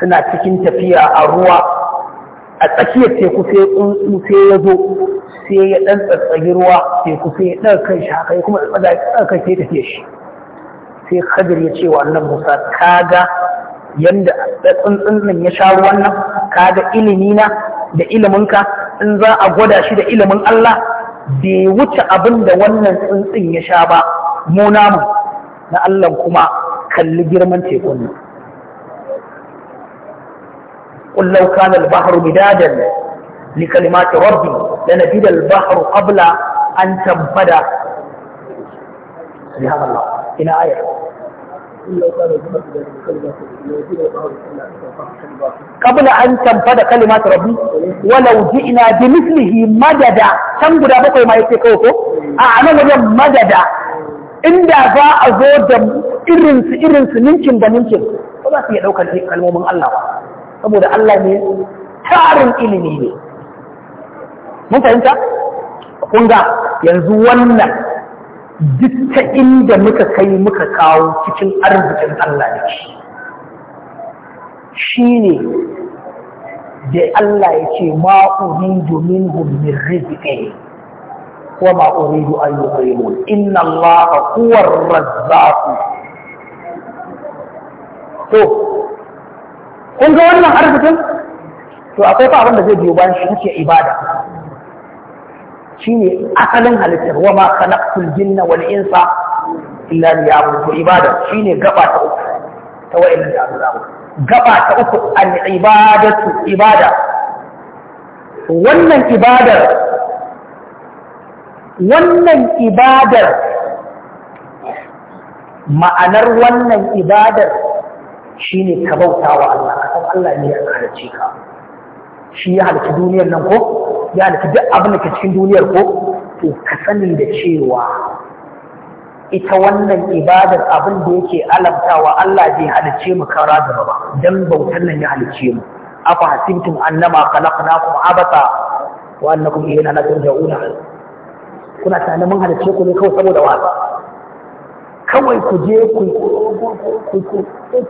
Speaker 2: suna cikin tafiya a ruwa a tsakiyar teku sai tsuntsu sai ya zo sai ya dan tsatsagi ruwa teku sai ya ɗaga kan shi haka ya kuma tsada kan sai tafiya shi sai khadir ya ce wa annabi musa kaga yanda tsuntsun nan ya sha ruwan nan kaga ilimi na da iliminka in za a gwada shi da ilimin Allah bai wuce abinda wannan tsuntsun ya sha ba mu mu na Allah kuma kalli girman tekun nan. Ƙullau kanar baharu midajen ni kalimatin rabbi da na fi baharu qabla an tabbada. Ina ayar. قبل أن تنفذ كلمات ربي ولو جئنا بمثله مددا كم قد بقي ما يتكوكو أعلم وجه مددا إن ذا أزود إرنس إرنس ننكن بننكن ولا في يدوك من الله أبو ده الله من تار إلمي من أنت؟ قلنا ينزو ونن duk ta inda muka kai muka kawo cikin arzikin Allah da shi shi ne da Allah ya ce ma'urin domin hulmin rizike kuma ma'urin da ayyukan inna Allah kuwar razzafi to kun ga wannan arzikin to akwai fa abin da zai biyo bayan shi ibada shine asalin halittar wa ma khalaqtul jinna wal insa illa liya'budun ibada shine gaba ta uku ta wa'annan da Allah gaba ta uku al ibadatu ibada wannan ibadar wannan ibadar ma'anar wannan ibadar shine ka bautawa Allah ka san Allah ne ya halicce ka shi ya halicci duniyar nan ko ya halitta duk abin da ke cikin duniyar ko to ka sani da cewa ita wannan ibadar abin da yake alamtawa Allah bai halicce mu kara gaba ba dan bautar nan ya halicce mu afa hasibtum annama khalaqnakum abata wa annakum ilayna la turja'una kuna tunanin mun halicce ku ne kawai saboda wasa kawai ku je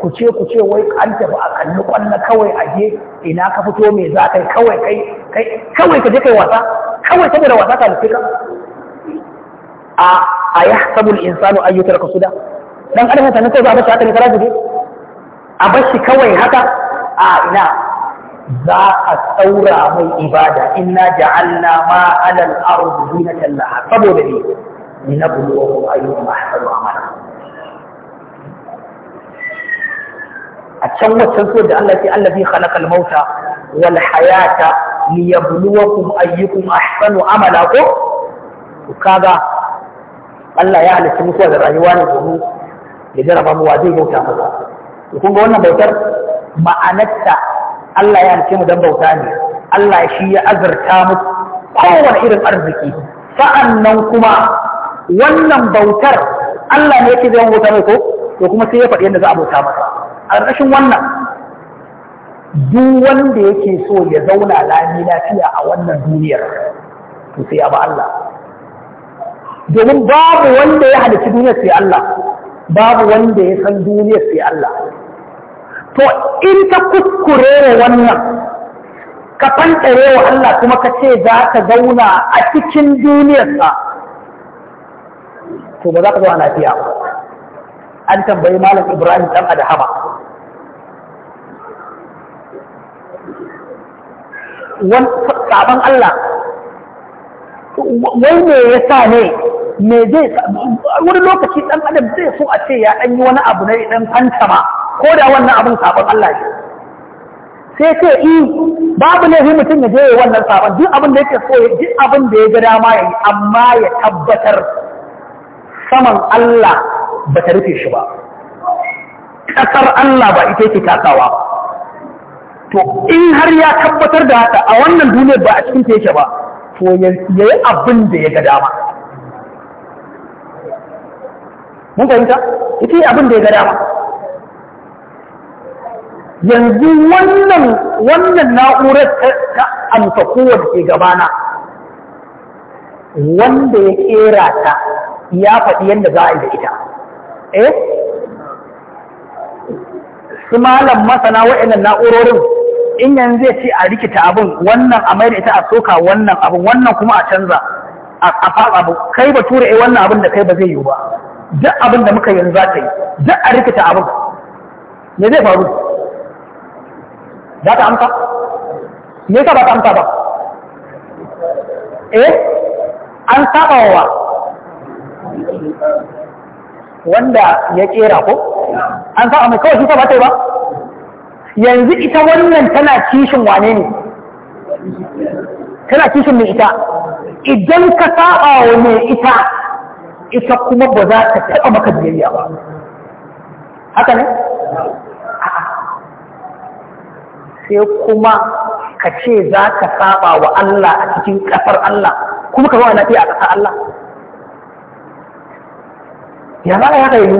Speaker 2: ku ce ku ce wai an tafi a kalli kwallo kawai a je ina ka fito me za kai kawai kai kawai ka je kai wasa kawai saboda wasa ka nufi ka a a ya sabul insanu ayyukar ka suda dan adam sanin kai za ka haka ne kara je a bar shi kawai haka a ina za a tsaura mai ibada inna ja'alna ma alal ardi zinatan laha saboda ne لنبلوهم أيهم أحسن عملا أتشوى التنسوة التي الذي خلق الموت والحياة ليبلوكم أيكم أحسن عملا وكذا Allah ya halitta mutuwa da rayuwa ne domin ya jaraba mu wa zai bauta masa to kun ga wannan bautar ma'anarta Allah ya halitta mu dan bauta ne Allah shi ya azurta mu kowane irin arziki nan kuma wannan bautar Allah ne yake zai wuta mai ko to kuma sai ya faɗi yadda za a bauta masa a ƙarƙashin wannan duk wanda yake so ya zauna lami lafiya a wannan duniyar to sai ya ba Allah domin babu wanda ya halicci duniyar sai Allah babu wanda ya san duniyar sai Allah to in ka kuskure wannan ka fantsare wa Allah kuma ka ce za ka zauna a cikin duniyarsa to ba za ka zauna lafiya ba an tambayi malam ibrahim dan adahama wani sabon allah wai me ya sa ne me zai wani lokaci dan adam zai so a ce ya dan yi wani abu ne dan fantama ko da wannan abun sabon allah ne sai ce i babu ne mutum ya je wannan sabon duk abin da yake so duk abin da ya ga dama ya yi amma ya tabbatar saman Allah ba ta rufe shi ba ƙasar Allah ba ita yake tasawa ba to in har ya tabbatar da haka a wannan duniyar ba a cikin ta yake ba to ya yi abin da ya ga dama mun fahimta ita yi abin da ya ga dama yanzu wannan wannan na'urar ta amsa ke gabana wanda ya kera ta ya faɗi yadda za a yi da ita eh su malam masana wa'annan na'urorin in yanzu ya ce a rikita abin wannan a mai da ita a soka wannan abin wannan kuma a canza a faɗa abu kai ba tura eh wannan abin da kai ba zai yi ba duk abin da muka yanzu za ta yi duk a rikita abin me zai faru za ta amsa
Speaker 3: me sa ba ta amsa ba eh
Speaker 2: an saba wa wanda ya kera ko an sa mai kawai shi ta ta ba yanzu ita wannan tana kishin wane ne tana kishin mai ita idan ka saba wa mai ita ita kuma ba za ta taɓa maka biyayya ba haka ne sai kuma ka ce za ka saba wa Allah a cikin ƙasar Allah kuma ka zo a lafiya a ƙasa Allah ya za a haka yi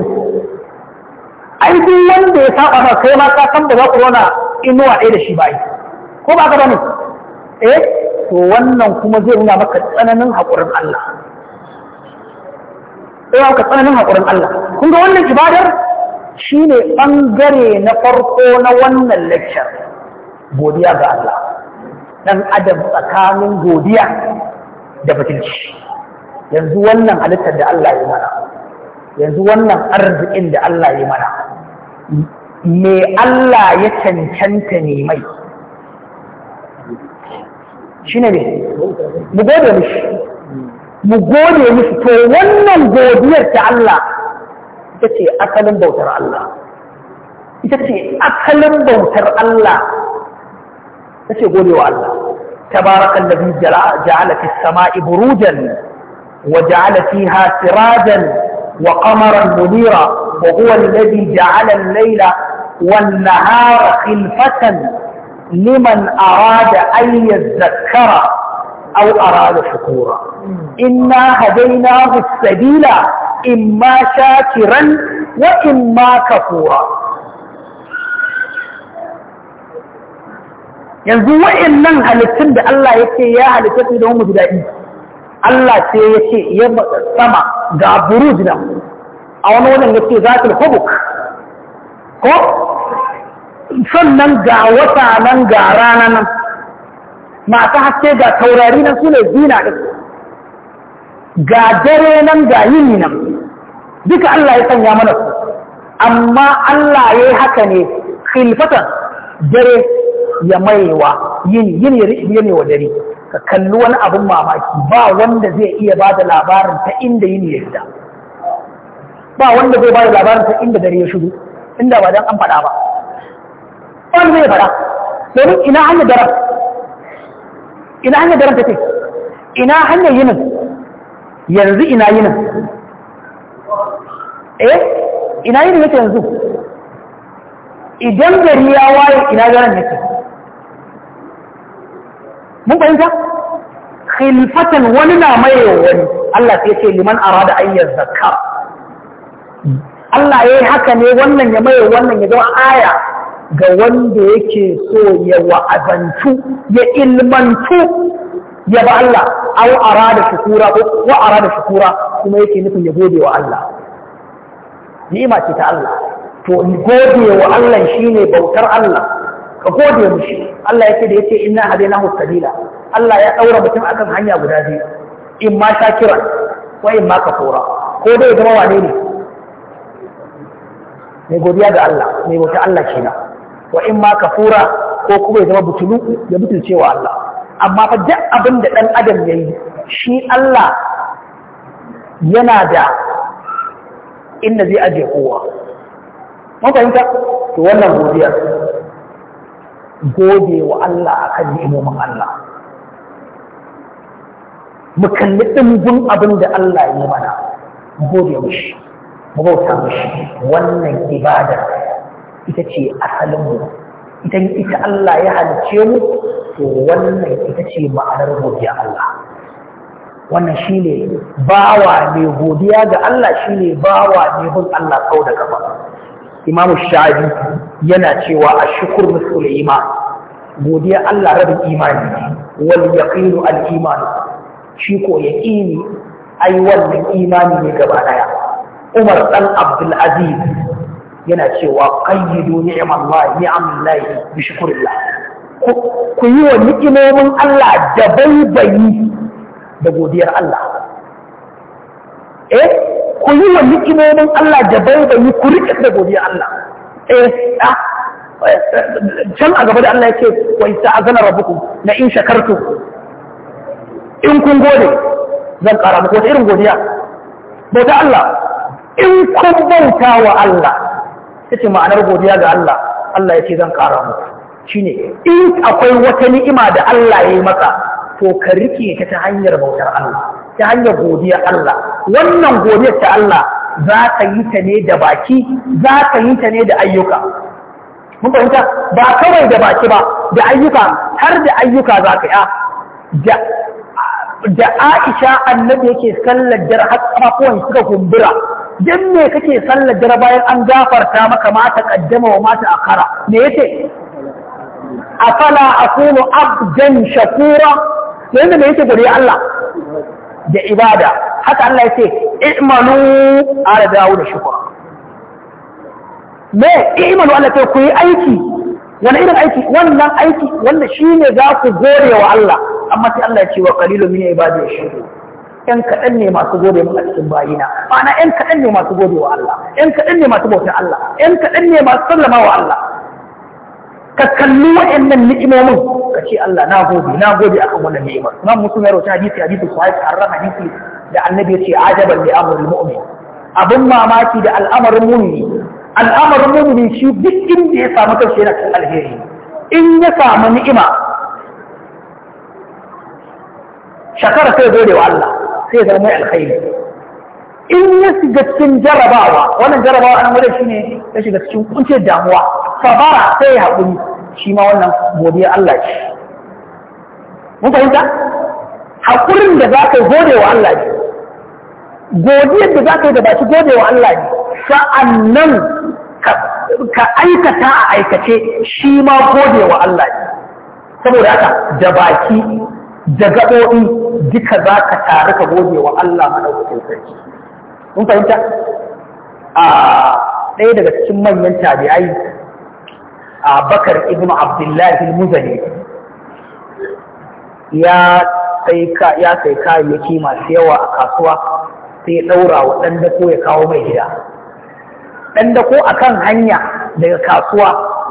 Speaker 2: ai duk wanda ya saba ma kai ma ka san ba za ku rona inuwa ɗaya da shi ba ai ko ba ka bane eh to wannan kuma zai nuna maka tsananin haƙurin Allah sai maka tsananin haƙurin Allah kun ga wannan ibadar shine bangare na farko na wannan lecture godiya ga Allah dan adam tsakanin godiya da batunci yanzu wannan halittar da Allah ya mana yanzu wannan arzikin da Allah ya mana me Allah ya cancanta ne mai shi ne mu gode mishi mu gode mishi to wannan godiyar ta Allah ita ce asalin bautar Allah ita ce asalin bautar Allah ita ce godewa Allah تبارك الذي جعل في السماء بروجا وجعل فيها سراجا وقمرا منيرا وهو الذي جعل الليل والنهار خلفة لمن أراد أن يذكر أو أراد شكورا إنا هديناه السبيل إما شاكرا وإما كفورا yanzu wa'in nan halittun da Allah ya ce ya halitta su da mu daɗi Allah ce ya ce ya sama ga buruj nan a wani wajen ya ce zatul hubuk ko sannan ga wata nan ga rana nan masu haske ga taurari nan su ne zina ɗin ga dare nan ga yini nan duka Allah ya sanya mana su amma Allah ya yi haka ne khilfatan dare ya maiwa yini yini ya wa dare ka kalli wani abin mamaki ba wanda zai iya ba da labarin ta inda yini ya fita ba wanda zai ba da labarin ta inda dare ya shudu inda ba dan an faɗa ba wani zai faɗa domin ina hanyar daren ina hanyar daren ce, ina hanyar yinin yanzu ina yinin eh ina yinin yake yanzu idan gari ya waye ina daren yake mun fahimta khilfatan wani na maye wani Allah sai ce liman arada an zakka Allah yayi haka ne wannan ya maye wannan ya zama aya ga wanda yake so ya wa'azantu ya ilmantu ya ba Allah aw arada shukura ko wa arada shukura kuma yake nufin ya gode wa Allah ni'ima ce ta Allah to gode wa Allah shine bautar Allah ka gode mushi Allah yake da yace inna hadainahu sabila Allah ya daura mutum akan hanya guda biyu in ma shakiran wa in ma kafura ko dai zama wane ne mai godiya ga Allah mai bauta Allah kenan wa in ma kafura ko kuma ya zama butulu ya mutunce wa Allah amma fa duk abin da dan adam yayi shi Allah yana da inda zai aje kowa mun fahimta to wannan godiya gode wa Allah akan ni'imomin Allah mu kalli ɗimbin abin da Allah ya yi mana mu gode mishi mu bauta mishi wannan ibadar ita ce asalin idan ita Allah ya halice mu to wannan ita ce ma'anar godiya Allah wannan shine bawa mai godiya ga Allah shine bawa mai bin Allah sau da kafa imamu shadi yana cewa a shukur musul iman godiyar Allah rabin imani wani yaqinu al iman shi ko ai wannan imani ne gaba daya Umar dan Abdulaziz yana cewa qayyidu ni'mallahi ni'amallahi bi shukrillah
Speaker 3: ku yi wa ni'imomin Allah da
Speaker 2: da godiyar Allah eh ku yi wa ni'imomin Allah da bai yi ku rike da godiya Allah eh ah, can a gaba da Allah yake wa rabu ku na in shakartum in kun gode zan kara muku wata irin godiya bauta Allah in kun bauta wa Allah yace ma'anar godiya ga Allah Allah yake zan kara muku shine in akwai wata ni'ima da Allah ya yi maka to ka rike ta hanyar bautar Allah ta hanyar godiyar Allah wannan godiyar ta Allah za ka yi ta ne da baki za ka yi ta ne da ayyuka mun fahimta ba kawai da baki ba da ayyuka har da ayyuka za ka ya? da Aisha annabi yake sallar jar har kafafuwan suka kumbura dan me kake sallar dar bayan an gafarta maka ma ta kaddama wa mata akara me yace
Speaker 3: afala akunu
Speaker 2: abdan shakura yanda me yake gode Allah da ibada haka Allah ya ce i'malu ala da shukura me i'malu Allah ce ku yi aiki wani irin aiki wannan aiki wanda shi ne za ku gore wa Allah amma sai Allah ya ce wa qalilun min ibadi shukuru ‘yan kaɗan ne masu gode mun a cikin bayina, ma'ana ‘yan kaɗan ne masu gode wa Allah, ‘yan kaɗan ne masu bautar Allah, ‘yan kaɗan ne masu sallama wa Allah. Ka kalli waɗannan ni'imomin ka ce Allah na gobe na gobe akan wannan ni'imar imam musu ya rawaita hadisi hadisi sahih harran hadisi da annabi ya ce ajaban li amrul mu'min abun mamaki da al'amarin mu'mini al'amarin mu'mini shi duk inda ya samu kansa yana cikin alheri in ya samu ni'ima
Speaker 3: shakara sai gode wa Allah sai zama mai alkhairi
Speaker 2: in ya shiga cikin jarabawa wannan jarabawa an wajen shine ya shiga cikin kuncin damuwa sabara sai ya haƙuri shi ma wannan godiya Allah ce mun fahimta hakurin da za ka gode wa Allah ne godiyar da za ka yi da baki gode wa Allah ne sa'annan ka aikata a aikace shi ma gode wa Allah ne saboda haka da baki da gaɓoɓi duka za ka tare ka gode wa Allah maɗaukakin sarki mun fahimta a ɗaya daga cikin manyan tabi'ai Bakar ibn Abdullahi Muzani ya sai kayayyaki masu yawa a kasuwa sai ɗaura wa ɗan dako ya kawo mai gida. Ɗan dako a kan hanya daga kasuwa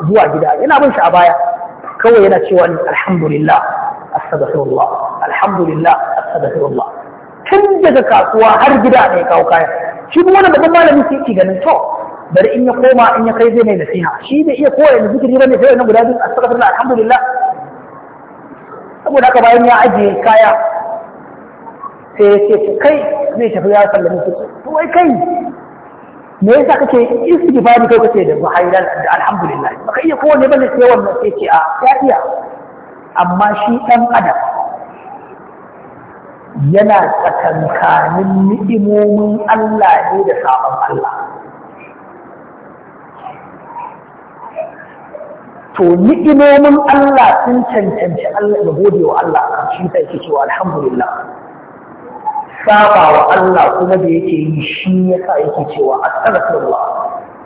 Speaker 2: zuwa gida yana bin shi a baya kawai yana cewa alhamdulillah astaghfirullah alhamdulillah astaghfirullah tun daga kasuwa har gida ne kawo kaya shi kuma wani babban malami sai yake ganin to bari in ya koma in ya kai zai mai nasiha shi bai iya koya da zikiri bane sai wannan guda biyu a astaghfirullah alhamdulillah saboda haka bayan ya ajiye kaya sai ya ce kai zai tafi ya sallame musu, to wai kai me yasa kake istighfari kai kace da bahairan da alhamdulillah baka iya kowanne bane sai wannan sai ce a ah, ya iya amma shi dan adam yana tsakankanin ni'imomin Allah ne da sabon Allah to ni'imomin Allah sun cancanci Allah da gode wa Allah a shi ta yake cewa alhamdulillah saba wa Allah kuma da yake yi shi yasa yake cewa astaghfirullah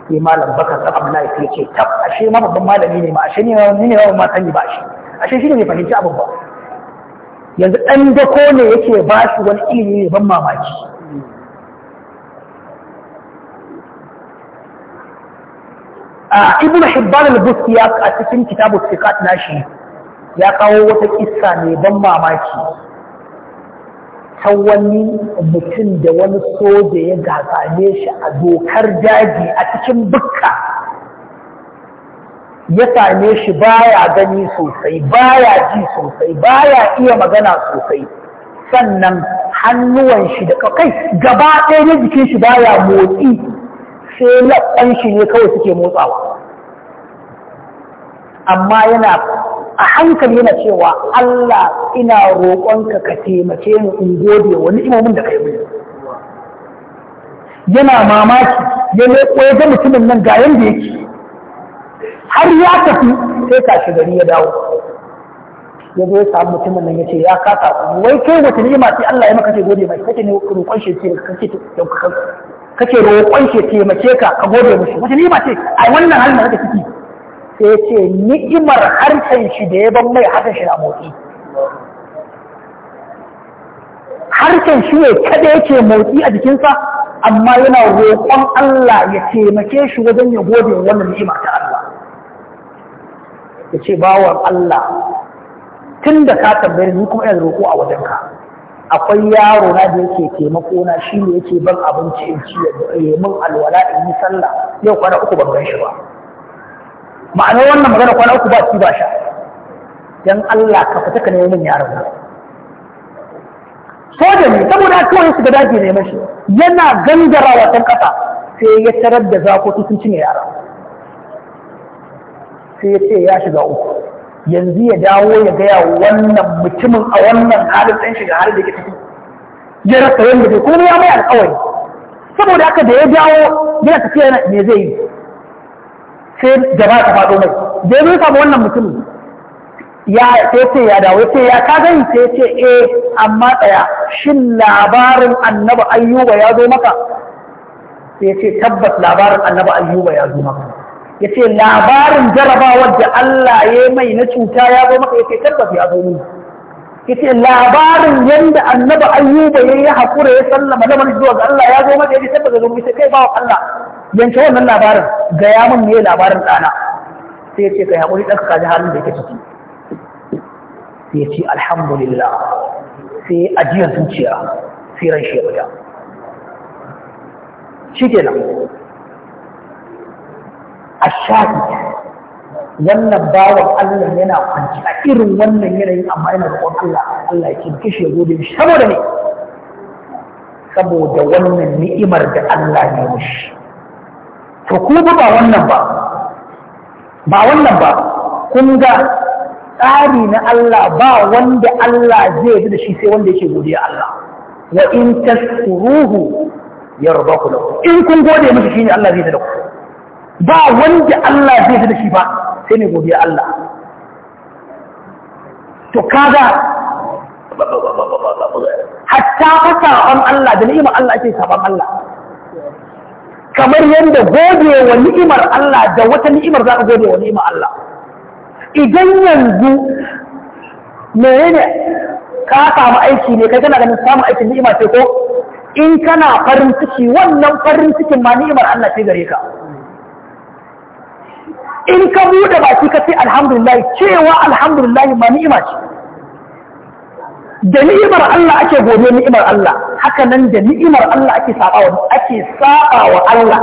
Speaker 2: sai malam baka saba na yake ce tab ashe ma babban malami ne ma ashe ne ne ne ma sani ba shi, ashe shi ne bai fahimci abin ba yanzu dan dako ne yake ba shi wani ilimi ban mamaki ibn hibban al-busti ya a cikin kitabu sikat nashi ya kawo wata kissa mai ban mamaki ta wani mutum da wani soja ya gagane shi a dokar daji a cikin bukka ya same shi baya gani sosai baya ji sosai baya iya magana sosai sannan hannuwan shi da kai gaba ɗaya na jikin shi baya motsi sai labban shi ne kawai suke motsawa amma yana a hankali yana cewa Allah ina roƙonka ka taimake ni in gode wa ni'imomin da kai mini yana mamaki ya leƙo ya ga mutumin nan ga yanda yake har ya tafi sai tashi gari ya dawo ya zo ya samu mutumin nan ya ce ya kasa wai kai wata ni'ima sai Allah ya maka ce gode mai kake ne roƙon shi ce kake ɗaukakar kake roƙon shi taimake ka ka gode mushi wata ni'ima ce a wannan halin da kake ciki sai ce ni'imar harshen shi da ya ban mai hakan shi na motsi harshen shi ne kada yake motsi a jikinsa amma yana roƙon Allah ya taimake shi wajen ya gode wannan ni'ima ta Allah ya ce bawan Allah tun da ka tambaye ni kuma ina roƙo a wajenka akwai yaro na da yake taimako na shi ne yake ban abinci in ci ya min alwala in yi sallah yau kwana uku ban gan shi ba ma'anar wannan magana kwana uku ba ci ba sha dan Allah ka fita ka nemi yaron nan soja ne saboda kawai su ga daji ne mashi yana wa ta kasa sai ya tarar da zakoki sun cinye yara sai ya ce ya shiga uku yanzu ya dawo ya gaya wannan mutumin a wannan halin ɗan shiga halin da ke tafi ya rasa yadda bai kuma ya mai alƙawari saboda haka da ya dawo yana tafiya na me zai yi sai gaba ta faɗo mai da ya wannan mutumin ya ce ya dawo ce ya ka gani sai ce e amma tsaya shin labarin annabi ayyuba ya zo maka sai ce tabbas labarin annabi ayyuba ya zo maka ya ce labarin jarabawar da Allah ya mai na cuta ya zo maka ya ce tabbas a zo ya ce labarin yadda annaba ayyuba ya yi haƙura ya sallama lamarin zuwa ga Allah ya zo maka ya ce tabbas a zo ya kai kai bawa Allah yanke wannan labarin gaya mun ne labarin ɗana sai ya ce kai haƙuri ɗan ka ji halin da yake ciki sai ya ce alhamdulillah sai ajiyar zuciya sai ran shi ya fita shi kenan A ashafi wannan bawan Allah yana kwanci a irin wannan yanayin amma yana da Allah Allah ya kishi gobe gode shi saboda ne saboda wannan ni'imar da Allah ya mishi to kuma ba wannan ba ba wannan ba kun ga tsari na Allah ba wanda Allah zai yi da shi sai wanda yake godiya Allah wa in tashkuruhu
Speaker 1: yardahu lakum in
Speaker 2: kun gode masa shine Allah zai da ku ba wanda Allah zai da shi ba sai ne gobe Allah to kaga hatta fa saban Allah da ni'imar Allah ake saban Allah kamar yadda gode wa ni'imar Allah da wata ni'imar za ka gode wa ni'imar Allah idan yanzu me ne ka samu aiki ne kai kana ganin samun aikin ni'ima ce ko in kana farin ciki wannan farin cikin ma ni'imar Allah ce gare ka in ka buɗe baki ka ce alhamdulillah cewa alhamdulillah ma ni'ima ce da ni'imar Allah ake godiya ni'imar Allah haka nan da ni'imar Allah ake saba wa ake saba wa Allah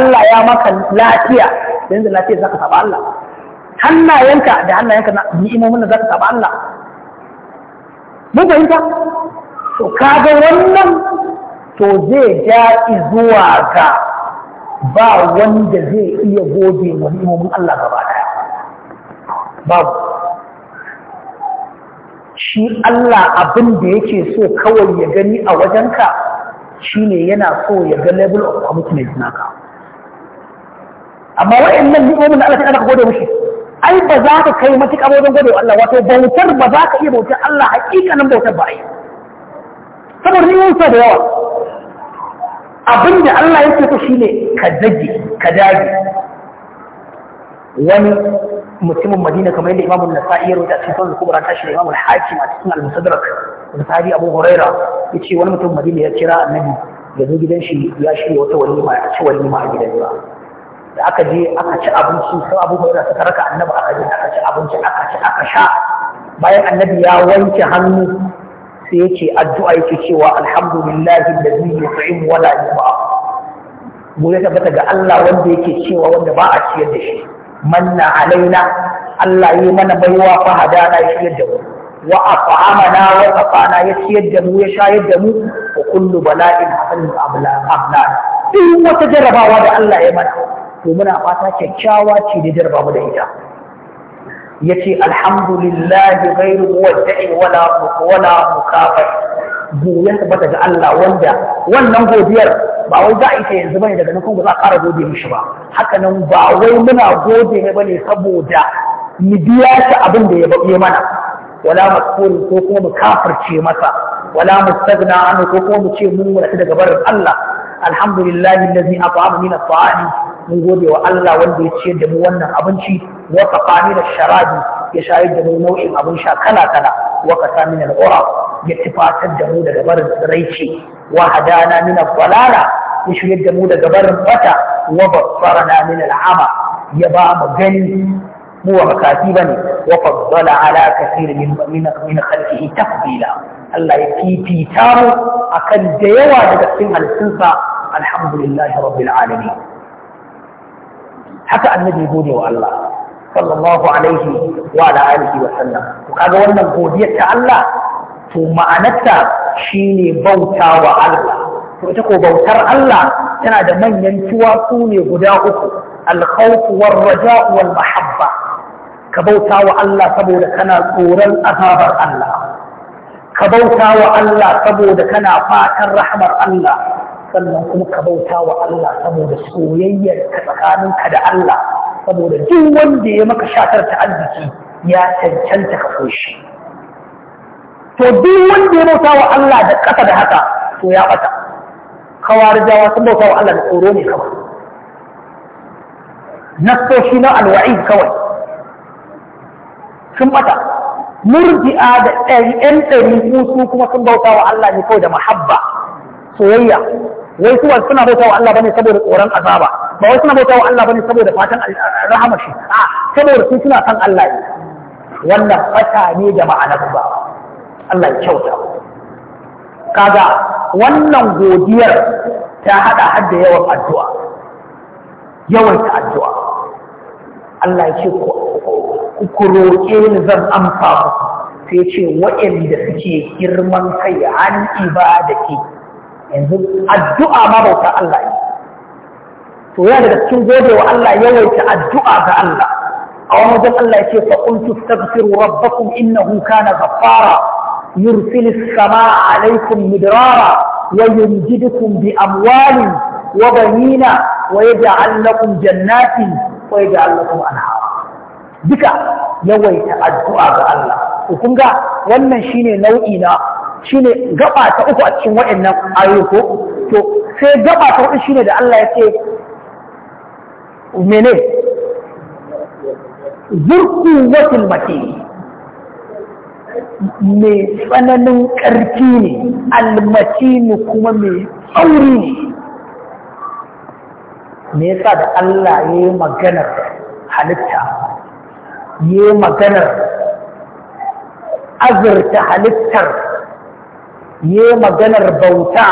Speaker 2: Allah ya maka lafiya yanzu lafiya zaka saba Allah hannayenka da hannayenka na ni'imomin da zaka saba Allah mun fahimta to kaga wannan to zai ja zuwa ga ba wanda zai iya gobe wa nimomin Allah gaba daya babu shi Allah abin da yake so kawai ya gani a wajenka ne yana so ya ga level of commitment naka amma wa'annan nimomin Allah ta ka gode mushi ai ba za ka kai matuƙa wajen gode wa Allah wato bautar ba za ka iya bautar Allah hakikanin bautar ba ai saboda ni yau sa da yawa abin da Allah yake shi shine ka dage ka dage wani mutumin Madina kamar yadda Imam An-Nasa'i ya a cikin Sunan Kubra ta shi Imam Al-Hakim a cikin Al-Mustadrak da sahabi Abu Huraira yace wani mutum Madina ya kira Annabi ya zo gidan shi ya shirya wata walima ya ci walima a gidan sa da aka je aka ci abinci sai Abu Huraira suka raka Annabi aka je aka ci abinci aka ci aka sha bayan Annabi ya wanke hannu sai yake addu'a yake cewa alhamdulillahi allazi yut'im wa la yut'am mu ta tabbata ga Allah wanda yake cewa wanda ba a ciyar da shi manna alaina Allah yi mana baiwa fa hadana ya ciyar da mu wa af'amana wa afana ya ciyar da mu ya shayar da mu wa kullu bala'in hasan abla abla duk wata jarabawa da Allah ya mana to muna fata kyakkyawa ce da jarabawa da ita yace alhamdulillahi ghairu muwaddi wala wala mukafa godiya tabbata ga Allah wanda wannan godiyar ba wai za a ita yanzu bane daga nan kuma za a ƙara gode mishi ba haka nan ba wai muna gode ne bane saboda mu biya shi abin da ya baƙe mana wala maskuri ko kuma mu kafirce masa wala mustagna anhu ko kuma mu ce mun wadata daga barin Allah alhamdulillahi allazi at'amana min at mun gode wa Allah wanda ya ciyar da mu wannan abinci wa kafani da sharabi ya shayar da mu nau'in abin sha kala kala wa kasami al qura ya tifatar da mu daga barin tsiraici wa hadana min al-balala ya shiryar da mu daga barin fata, wa basarana min al-ama ya ba mu gani mu wa makati bane wa faddala ala kathir min min khalqihi tafdila Allah ya fifita mu akan da yawa daga cikin halittunsa alhamdulillahi rabbil alamin haka annabi ya gode wa Allah sallallahu alaihi wa ala alihi wa sallam to kaga wannan godiyar ta Allah to ma'anarta shine bauta wa Allah to ita ko bautar Allah tana da manyan tuwatsu ne guda uku al-khawf raja wal mahabba ka bauta wa Allah saboda kana tsoron azabar Allah ka bauta wa Allah saboda kana fatan rahmar Allah sannan kuma ka bauta wa Allah saboda soyayyar ka tsakaninka da Allah saboda duk wanda ya maka shatar ta arziki ya cancanta ka shi to duk wanda ya bauta wa Allah da ƙasa da haka to ya bata kawar jawa sun bauta wa Allah da tsoro ne kawai nasoshi na alwa'i kawai sun bata murji'a da ɗari ɗan ɗari kuma sun bauta wa Allah ne kawai da mahabba soyayya wai su suna bauta wa Allah bane saboda tsoron azaba ba wai suna bauta wa Allah bane saboda fatan rahama shi a saboda su suna san Allah ne wannan fata ne da ma'anar ba Allah ya kyauta kaga wannan godiyar ta hada hadda yawan addu'a yawan ta addu'a Allah ya ce ku roƙe ni zan amsa ku sai ce waɗanda suke girman kai an ke. yanzu addu'a ma bauta Allah ne to yana daga cikin gode wa Allah yawaita addu'a ga Allah a wani wajen Allah yake fa qultu astaghfiru rabbakum innahu kana ghaffara yursilu as-samaa'a alaikum midrara wa yumjidukum bi amwalin wa banina wa yaj'al lakum jannatin wa yaj'al lakum anhara duka yawaita addu'a ga Allah to kun ga wannan shine nau'i na shine gaba ta uku a cikin waɗannan ayyuko to sai gaba ta hudu shine da Allah ya ce mene zurku wasu mace mai tsananin ƙarfi ne mu kuma mai tsauri ne me yasa da Allah ya yi maganar halitta ya yi maganar azurta halittar yi maganar bauta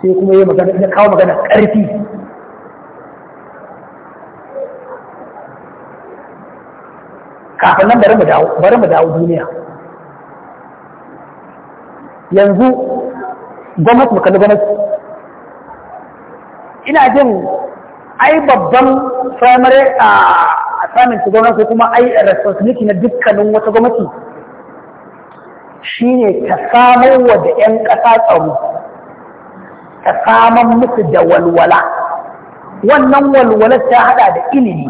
Speaker 2: sai kuma yi maganar ya kawo maganar ƙarfi kafin nan bari mu dawo duniya yanzu gwamnati mu kalli gwamnati ina jin ai babban primary a assignment gwamnati kuma ai responsibility na dukkanin wata gwamnati Shi ne ta samar wa da 'yan ƙasa tsaro ta samar musu da walwala wannan walwala ta haɗa da ilimi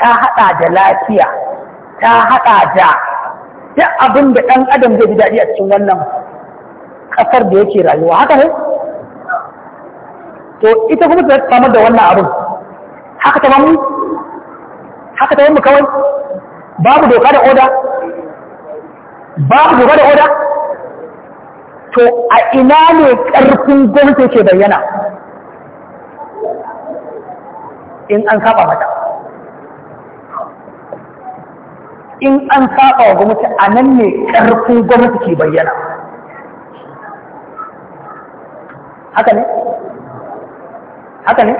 Speaker 2: ta haɗa da lafiya ta haɗa da duk abin da ɗan adam zai ji daɗi a cikin wannan ƙasar da yake rayuwa haka ne to ita kuma ta samar da wannan abin haka ta mamu haka ta yi mu kawai
Speaker 3: babu doka da oda su gaba da oda
Speaker 2: to a ina ne ƙarfin gwamnati ke bayyana in an saba mata in an saba wa gwamnati a nan ne ƙarfin gwamnati ke bayyana haka ne haka ne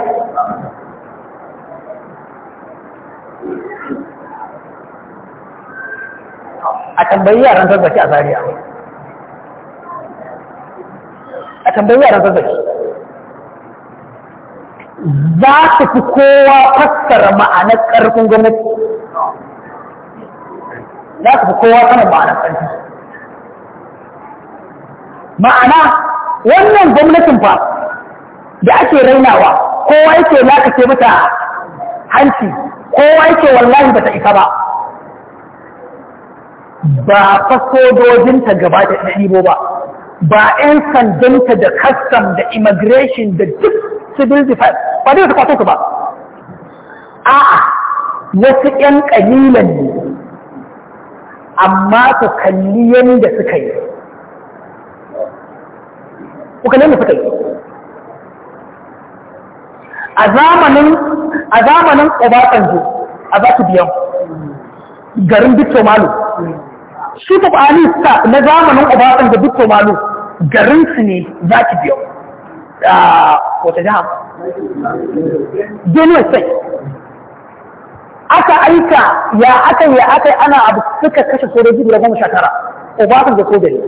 Speaker 2: a tambayi yaran zazzaki a zariya a tambayi yaran zazzaki za su fi kowa fassara ma'anar ƙarfin gwamnati za su fi kowa sanar ma'anar ƙarfi ma'ana wannan gwamnatin fa da ake rainawa kowa yake lakace mata hanci kowa yake wallahi bata isa ba ba fasodojinta gaba da ɗibo ba ba 'yan sandanta da custom da immigration da duk civil defense ba dai su kwato su ba a'a wasu 'yan ƙalilan ne amma ku kalli yadda suka yi ku kalli yadda suka yi a zamanin a zamanin obasanjo a za ku biyan garin bitso malu. su ta ƙwani staff na zamanin obasan da dukko malu garin su ne za ki biyo wata jiha benue sai aka aika ya aka ya aka ana abu suka kashe sojoji guda goma sha tara obasan da kogari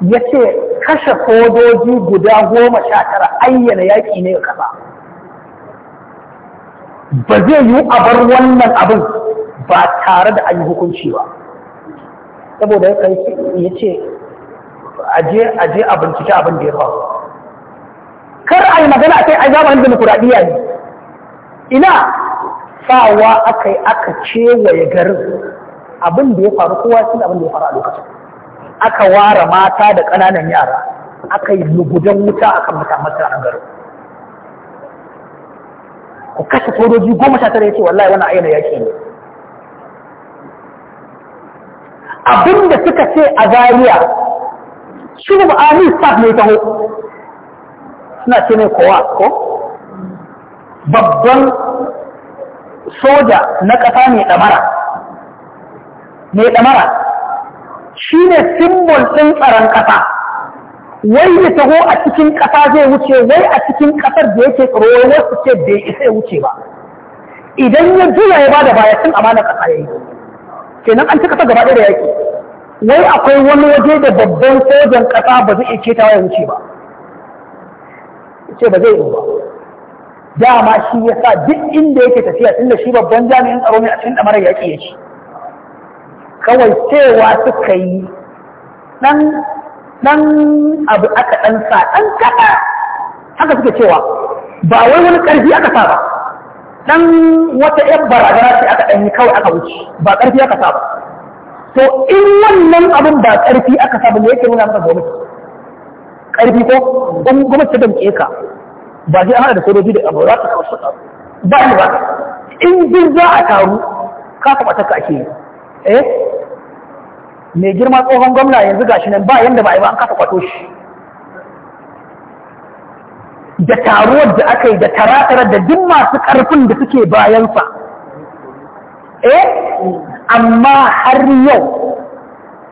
Speaker 2: ya ce kashe sojoji guda goma sha tara ayyana yaƙi ne ga kasa ba zai yi a bar wannan abin ba tare da an yi hukunci ba saboda ya ce aje a bincike abin da ya faru kar a yi magana a kai a zamanin demokuraɗiyya ne ina sawa aka yi aka cewaye garin abin da ya faru kowa sun abin da ya faru a lokacin aka ware mata da ƙananan yara aka yi lugudan wuta a kan mata a garin ku kashe kodoji goma sha tara ya ce wallahi wani ayyana ya ke ne abinda suka ce a zariya shi ba amin sa ne taho suna ce ne kowa ko babban soja na ƙasa mai ɗamara mai ɗamara shi ne simbol ɗin tsaron ƙasa wai ya taho a cikin ƙasa zai wuce wai a cikin ƙasar da yake tsaro wasu ce bai isa ya wuce ba idan ya juya ya bada baya sun amana ƙasa ya yi kenan an ci ƙasa gaba ɗaya da yaƙi wai akwai wani waje da babban sojan ƙasa ba zai iya ta ya wuce ba ce ba zai yi ba dama shi ya sa duk inda yake tafiya inda shi babban jami'in tsaro ne a cikin ɗamarar yaƙi ya ci kawai cewa suka yi ɗan abu aka ɗan sa ɗan kaɗa haka suke cewa ba wai wani ƙarfi aka sa ba ɗan wata ƴan barazana ce aka ɗan yi kawai aka wuce ba ƙarfi aka sa ba to in wannan abin ba ƙarfi aka sa bane yake nuna maka gwamnati ƙarfi ko gwamnati ta damƙe ka ba sai hana da sojoji da abu za ka kawo su ba ni ba in jin za a taru ka kuma ta ka ake yi eh mai girma tsohon gwamna yanzu gashi nan ba yanda ba a yi ba an kafa kwato shi da taruwar da aka yi da taratarar da duk masu ƙarfin da suke bayansa eh amma har yau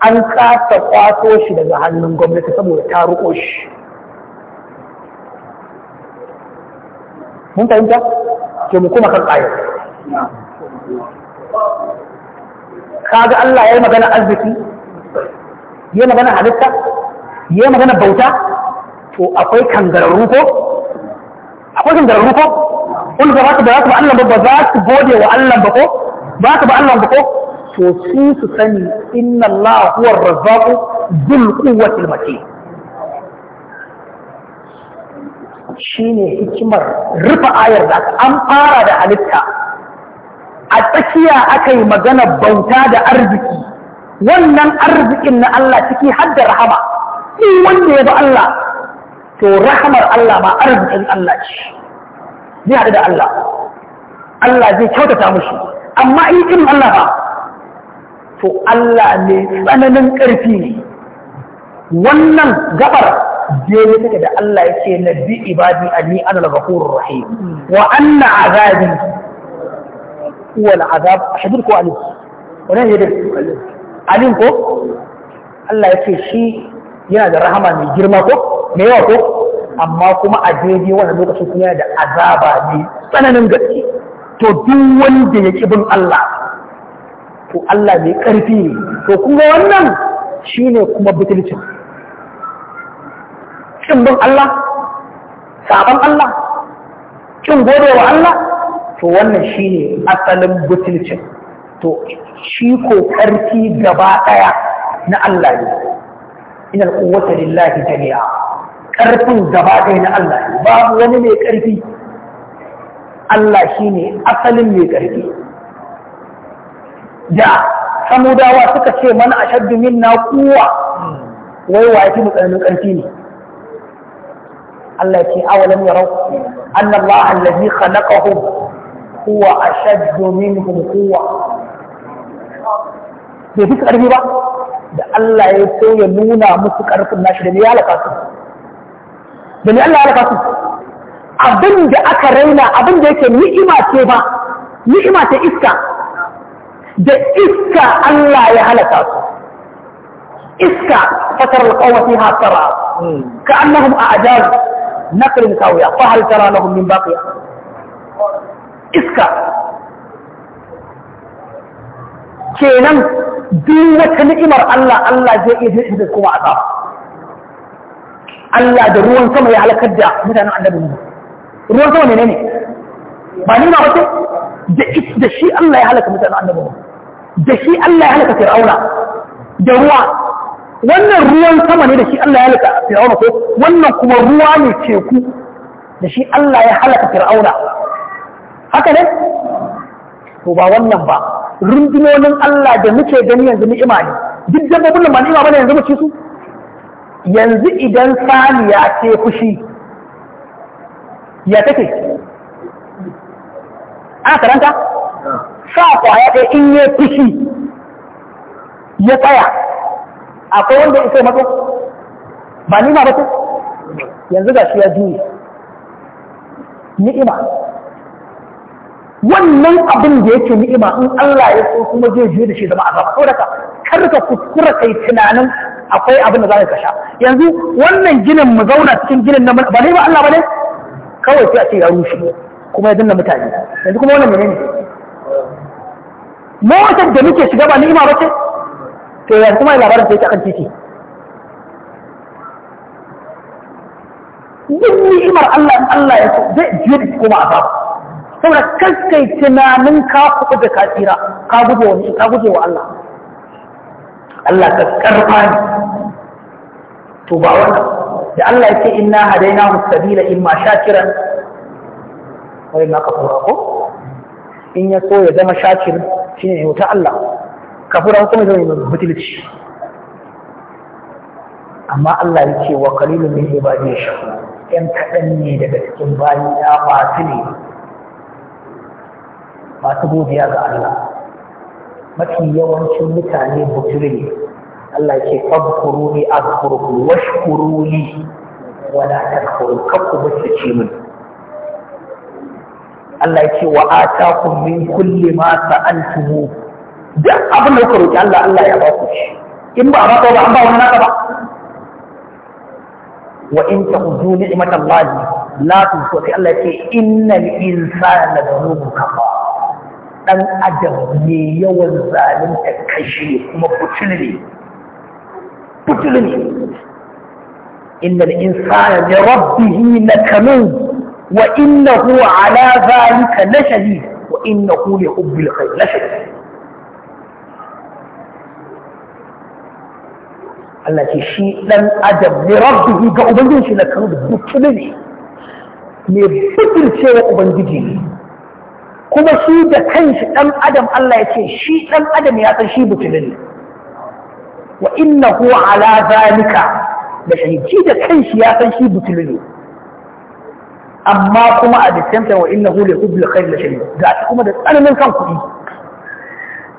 Speaker 2: an kasa kwaso shi daga hannun gwamnati saboda ta ruko shi mun fahimta ke mu kuma kan ƙayar
Speaker 3: kaga Allah ya yi magana
Speaker 2: arziki ya magana halitta ya magana bauta to akwai kangararru ko akwai kangararru ko
Speaker 3: wanda
Speaker 2: ba za su ba Allah ba ba za su gode wa Allah ba ko ba su ba Allah ba ko to su su sani inna Allah huwa razzaq dhul quwwati al-matin shine hikimar rufe ayar da an fara da halitta a tsakiya aka yi magana bauta da arziki wannan arzikin na Allah ciki har da rahama ni wanda ya bi Allah to rahamar Allah ma arzikin Allah ce zai haɗu da Allah Allah zai kyautata mushi amma in Allah ba to Allah ne tsananin ƙarfi ne wannan gabar daidai take da Allah ya ce na bi ibadi anni ana al-ghafurur rahim wa anna azabi huwa al-azab shadid ko alim wannan ne da alim ko Allah ya ce shi yana da rahama mai girma ko mai yawa ko amma kuma a daidai wannan lokacin kuma yana da azaba ne tsananin gaske to duk wanda ya ki bin Allah to Allah mai ƙarfi ne to kuma wannan shine kuma butulcin kin bin Allah saban Allah kin gode wa Allah to wannan shine asalin butulcin to shi ko ƙarfi gaba ɗaya na Allah ne ina quwwata lillahi jami'a ƙarfin gaba ɗaya na Allah ne babu wani mai ƙarfi Allah shine asalin mai ƙarfi da samudawa suka ce mana a ashaddu minna kuwa wai wa yake mutsanin ƙarfi ne Allah ya ce awalam yarau anna Allah allazi khalaqahum huwa ashaddu minhum quwwa bai fi ƙarfi ba da Allah ya so ya nuna musu ƙarfin nashi da ne ya halaka su da ne Allah ya halaka su abin da aka raina abin da yake ni'ima ce ba ni'ima ce iska da iska Allah ya halaka su iska fatar alqawma fiha tara ka annahum a'jaz nakrin kawiya fa hal tara lahum min baqiya iska kenan duk wata ni'imar Allah Allah zai iya shi da kuma azab Allah da ruwan sama ya halakar da mutanen annabi ruwan sama ne ne ba ni ma wace da shi Allah ya halaka mutanen annabi da shi Allah ya halaka fir'auna da ruwa wannan ruwan sama ne da shi Allah ya halaka fir'auna ko wannan kuma ruwa ne teku da shi Allah ya halaka fir'auna haka ne to ba wannan ba rundunonin Allah da muke gani yanzu ni'ima ne duk dabbobin nan ba ni'ima bane yanzu mu ci su yanzu idan Sani ya ce fushi ya take a karanta ah. sa kwaya ɗaya in ya fushi ya tsaya akwai wanda ya sai matsa ba ni ma ce yanzu ga shi ya juye ni'ima wannan abin da yake ni'ima in Allah ya so kuma zai juye da shi zama azaba saboda ka kar ka kuskura kai tunanin akwai abin da za ka sha yanzu wannan ginin mu zauna cikin ginin na ba ne ba Allah ba ne kawai sai a ce ya rushe kuma ya danna mutane yanzu kuma wannan menene motar da muke shiga ba ni'ima ba ce to yanzu kuma labarin sai ta kan titi duk ni'imar Allah in Allah ya so zai jiye da kuma azab saboda kaskai tunanin ka kuɓu da kafira ka guje wa ka guje wa Allah Allah ka karfa ni to ba wannan da Allah ya ce inna hadainahu sabila imma shakiran wa imma kafura ko in ya so ya zama shakirin shine ne wuta Allah kafura kuma zai mai mutulci amma Allah ya ce wa qalilun min ibadi shakur yan kaɗan ne daga cikin bayi ya masu ne masu godiya ga Allah mafi yawancin mutane ne, Allah ya ce wasu azkurkum ne wadatar takfurun kakku ce mutu Allah ya ce wa atakum min kulli ma sa'altumu duk abin da kuka roki Allah Allah ya ba ku shi in ba ba ba an ba wani naka ba wa in ta'udu ni'matallahi la tusu sai Allah ya ce innal insana ladhunubu kafar dan adam ne yawan zalunta kashi kuma ne. butulmi butulmi innal insana li rabbih lakanun وإنه على ذلك لشهيد وإنه لحب الخير لشهيد التي شيء لن أجب لربه كأبنجيش لكن بكلني لبكل شيء أبنجيش كما شيء كنش لن أجب الله يتشي شيء لن أجب يأتي شيء بكلني وإنه على ذلك لشهيد شيء كنش يأتي شيء amma kuma a disanta wa inna hule hubbil khair da shari ga shi kuma da tsananin kan kuɗi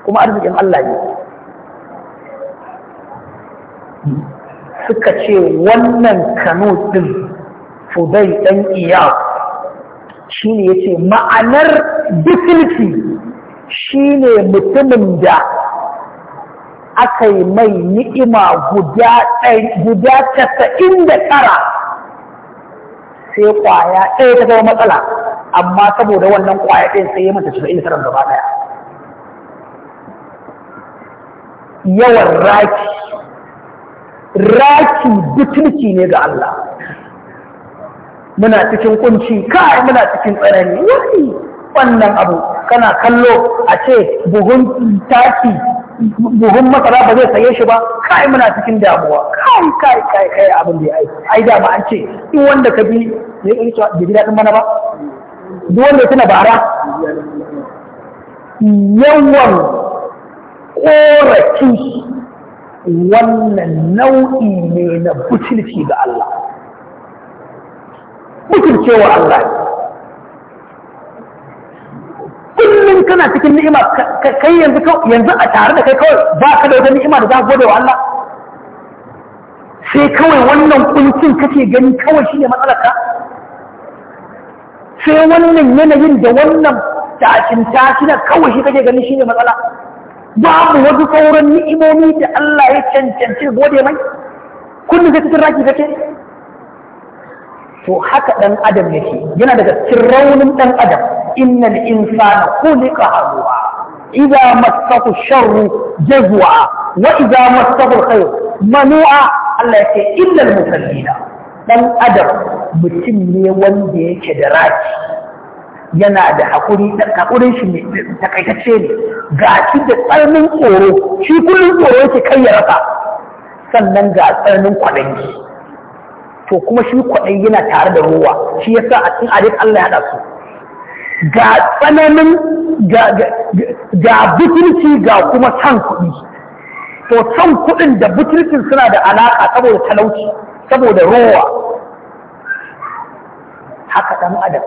Speaker 2: kuma arzikin Allah ne suka ce wannan kano din fudai dan iya shi ne ya ce ma'anar bisilki shi ne mutumin da aka yi mai ni'ima guda casa'in da tara sai kwaya ɗaya ta zama matsala amma saboda wannan kwaya ɗaya sai ya mata casa'in da gaba ɗaya yawan raki raki butulci ne ga Allah muna cikin kunci kai muna cikin tsanani wani wannan abu kana kallo a ce buhun taki buhun masara ba zai saye shi ba kai muna cikin damuwa kai kai kai kai abin da ya aiki ai dama an ce in wanda ka bi ne in cewa bai ɗin mana ba duk wanda tuna bara yawan ƙorafi wannan nau'i ne na butulci ga Allah butulcewa Allah ne kullum kana cikin ni'ima kai yanzu yanzu a tare da kai kawai ba ka da wata ni'ima da za ka gode wa Allah sai kawai wannan kuncin kake gani kawai shine matsalar ka sai wannan yanayin da wannan tashin tashina kawai shi kake gani shine matsala babu wasu sauran ni'imomi da Allah ya cancanci gode mai kullum sai cikin raki kake to haka ɗan adam yake yana daga cikin raunin ɗan adam innal insana khuliqa halu'a idza massahu sharru jazwa wa idza massahu khair manu'a Allah yake illal musallina ɗan adam mutum ne wanda yake da raki yana da hakuri hakurin shi ne takaitacce ne ga shi da tsarnin tsoro shi kullum tsoro yake kai ya rasa sannan ga tsarnin kwaɗanki to kuma shi kwaɗayi yana tare da ruwa shi ya sa a cikin adik Allah ya su ga tsananin ga butulci ga kuma san kuɗi to san kuɗin da butulcin suna da alaƙa saboda talauci saboda ruwa haka ɗan adam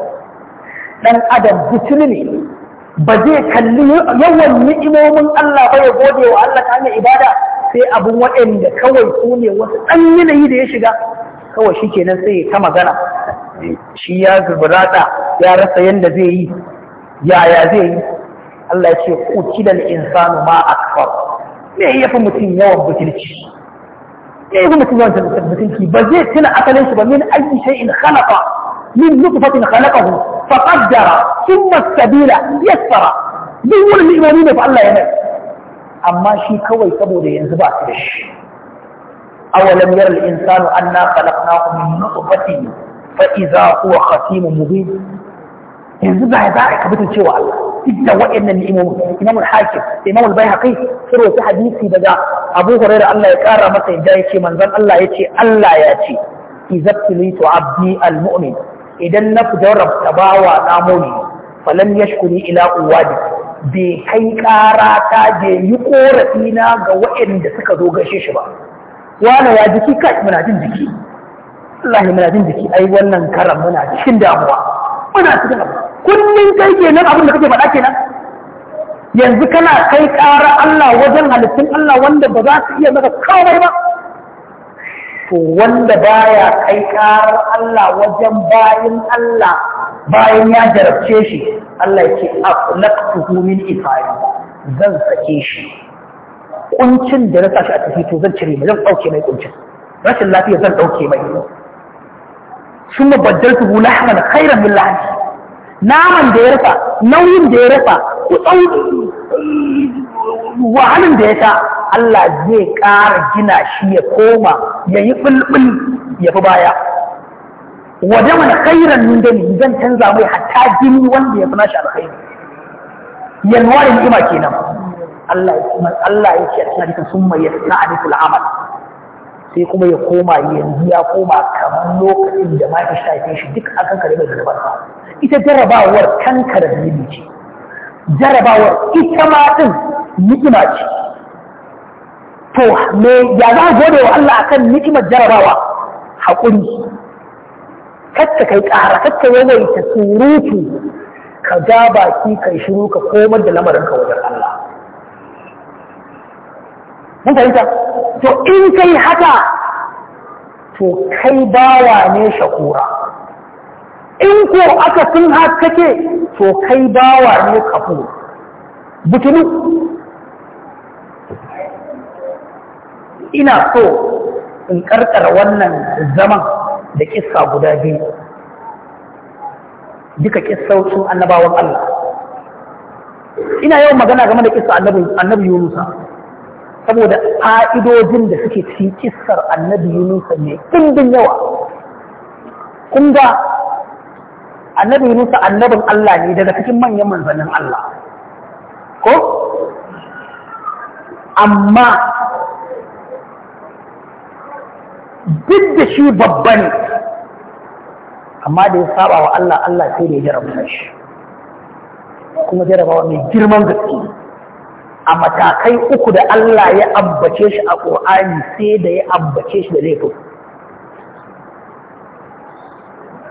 Speaker 2: ɗan adam butuli ne ba zai kalli yawan ni'imomin Allah ba ya gode wa Allah ta ibada sai abin waɗanda kawai su ne wasu ɗan yanayi da ya shiga kawai shi kenan sai ta magana shi ya zubrata ya rasa yadda zai yi yaya zai yi Allah ya ce utilal insanu ma akfar me ya fi mutum yawan butulci me ya fi mutum yawan butulci ba zai tuna asalin shi ba min ayi in khalaqa min nutfatin khalaqahu fa qaddara thumma sabila yassara duk wani ni'imomi ne fa Allah ya mai amma shi kawai saboda yanzu ba shi da shi awalam yara al-insanu anna khalaqnahu min nutfatin fa idza yanzu ba za a kabita cewa Allah duk da waɗannan ni'imomi imamul hakim imamul bayhaqi sun roki hadisi daga Abu Hurairah Allah ya kara masa yadda yace manzon Allah yace Allah ya ce to abdi almu'min idan na fujarar tabawa na muni falan yashkuri ila uwadi bai kai ƙara ta je yi korafi na ga waɗanda suka zo shi ba wane ya jiki kai muna jin jiki Allah muna jin jiki ai wannan karan muna cikin damuwa muna cikin abu kullum kai ke nan abin da kake faɗa kenan yanzu kana kai ƙara Allah wajen halittun Allah wanda ba za su iya maka kawai ba to wanda baya kai ƙarar Allah wajen bayan Allah bayan ya jarabce shi Allah ya ce aflaqtuhu min ifari zan sake shi kuncin da na sashi a tafi to zan cire mai zan dauke mai kuncin rashin lafiya zan dauke mai sun baddaltu hu lahman khairan min lahmi naman da ya rasa nauyin da ya rasa
Speaker 3: ku wahalin da ya sha
Speaker 2: Allah zai ƙara gina shi ya koma ya yi bulbul ya fi baya waje mana khairan min dani zan canza mai hatta jini wanda ya fi nashi alkhairi yalwa da ni'ima kenan Allah Allah ya ce a cikin hadisin summa yasna'anikul amal sai kuma ya koma yanzu ya koma kamar lokacin da ma ya shafe shi duk akan kare mai galabarsa ita jarabawar kankara zunubi ce jarabawar ita ma din ni'ima ce to me ya za gode wa Allah akan ni'imar jarabawa haƙuri kacce kai ƙara kacce yawaita surutu ka ja baki kai shiru ka komar da lamarin ka wajen Allah mun fahimta to in kai haka to kai bawa ne shakura in ko aka sun haka to kai bawa ne kafu butulu ina so in karkar wannan zaman da kissa guda biyu duka kissaucin annabawan Allah ina yawan magana game da kissa annabi Yunusa saboda fa'idojin da suke cikin kissar annabi yunusa ne ɗimbin yawa kun ga annabi yunusa annabin Allah ne daga cikin manyan manzannin Allah ko amma duk da shi babba ne amma da ya saba wa Allah Allah sai da ya jarabta shi kuma jarabawa mai girman gaske a matakai uku da Allah ya ambace shi a ƙur'ani sai da ya ambace shi da laifin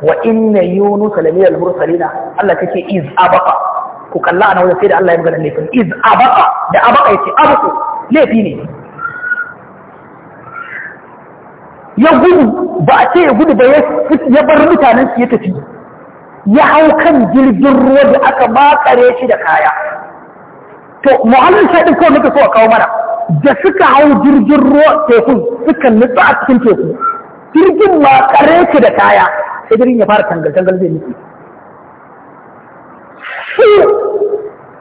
Speaker 2: wa inna yunus da al-mursalina Allah take iz abaqa ku kalla ana wajen sai da Allah ya magana laifin iz abaqa da abaqa yace abaku laifi ne ya gudu ba a ce ya gudu ba ya bar mutanen su ya tafi ya hau kan jirgin ruwa da aka makare shi da kaya to muhallin shaɗin kawai muka so a kawo mana da suka hau jirgin ruwa tekun suka nutsu a cikin teku jirgin ma kare ki da kaya sai jirgin ya fara tangal tangal zai nufi su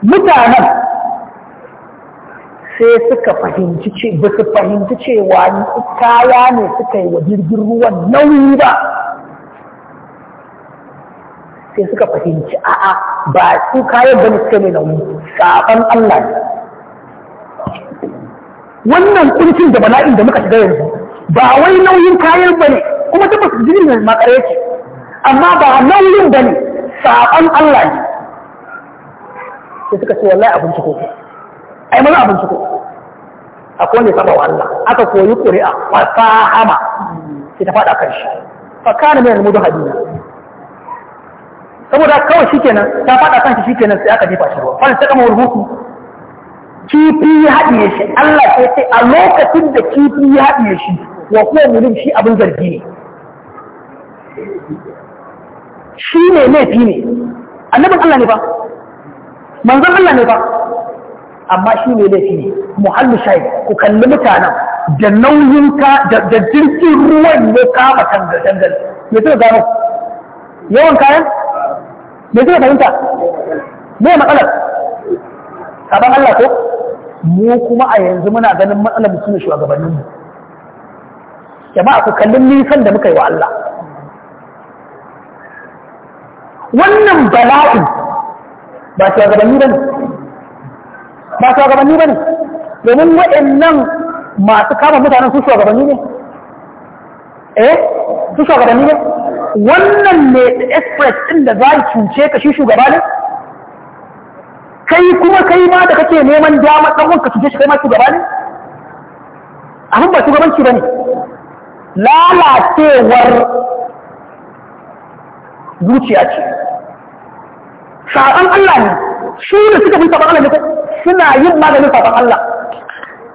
Speaker 2: mutanen sai suka fahimci ce ba su fahimci cewa kaya ne suka yi wa jirgin ruwan nauyi ba sai suka fahimci a'a ba su kayan da suka ne nauyi saban Allah ne wannan kuncin da bala'in da muka shiga yanzu ba wai nauyin kayan ba ne kuma tabbas jinin makare ce amma ba nauyin ne saban Allah ne sai suka ce wallahi abin ciko ai maza abin ciko akwai wani ya saba Allah aka koyi ƙuri'a fasahama sai ta faɗa kan shi fa kana min al-mudahidin saboda kawai shi kenan ta faɗa kan shi shi kenan sai aka jefa shi ruwa fa sai kama rubutu kifi ya haɗiye shi Allah sai ce a lokacin da kifi ya haɗiye shi wa kuma mulum shi abin zargi ne shi ne laifi ne annabin Allah ne ba manzon Allah ne ba amma shi ne laifi ne muhallu shayi ku kalli mutanen da nauyin ka da jirgin ruwan ne kama tangal tangal me zai gano yawan kayan me zai fahimta me matsalar saban Allah ko mu kuma a yanzu muna ganin matsalar mu sune shugabannin mu jama'a ku kallin nisan da muka yi wa Allah wannan bala'i ba shugabanni bane ba shugabanni bane domin waɗannan masu kama mutanen su shugabanni ne eh su shugabanni ne wannan ne express ɗin da za cuce ka shi shugaba ne kai kuma kai ma da kake neman dama ɗan ka cuce shi kai ma shugaba ne abin ba shugabanci ba ne lalacewar zuciya ce saɓan Allah ne shi da suka fi saɓan Allah ne suna yin maganin saɓan Allah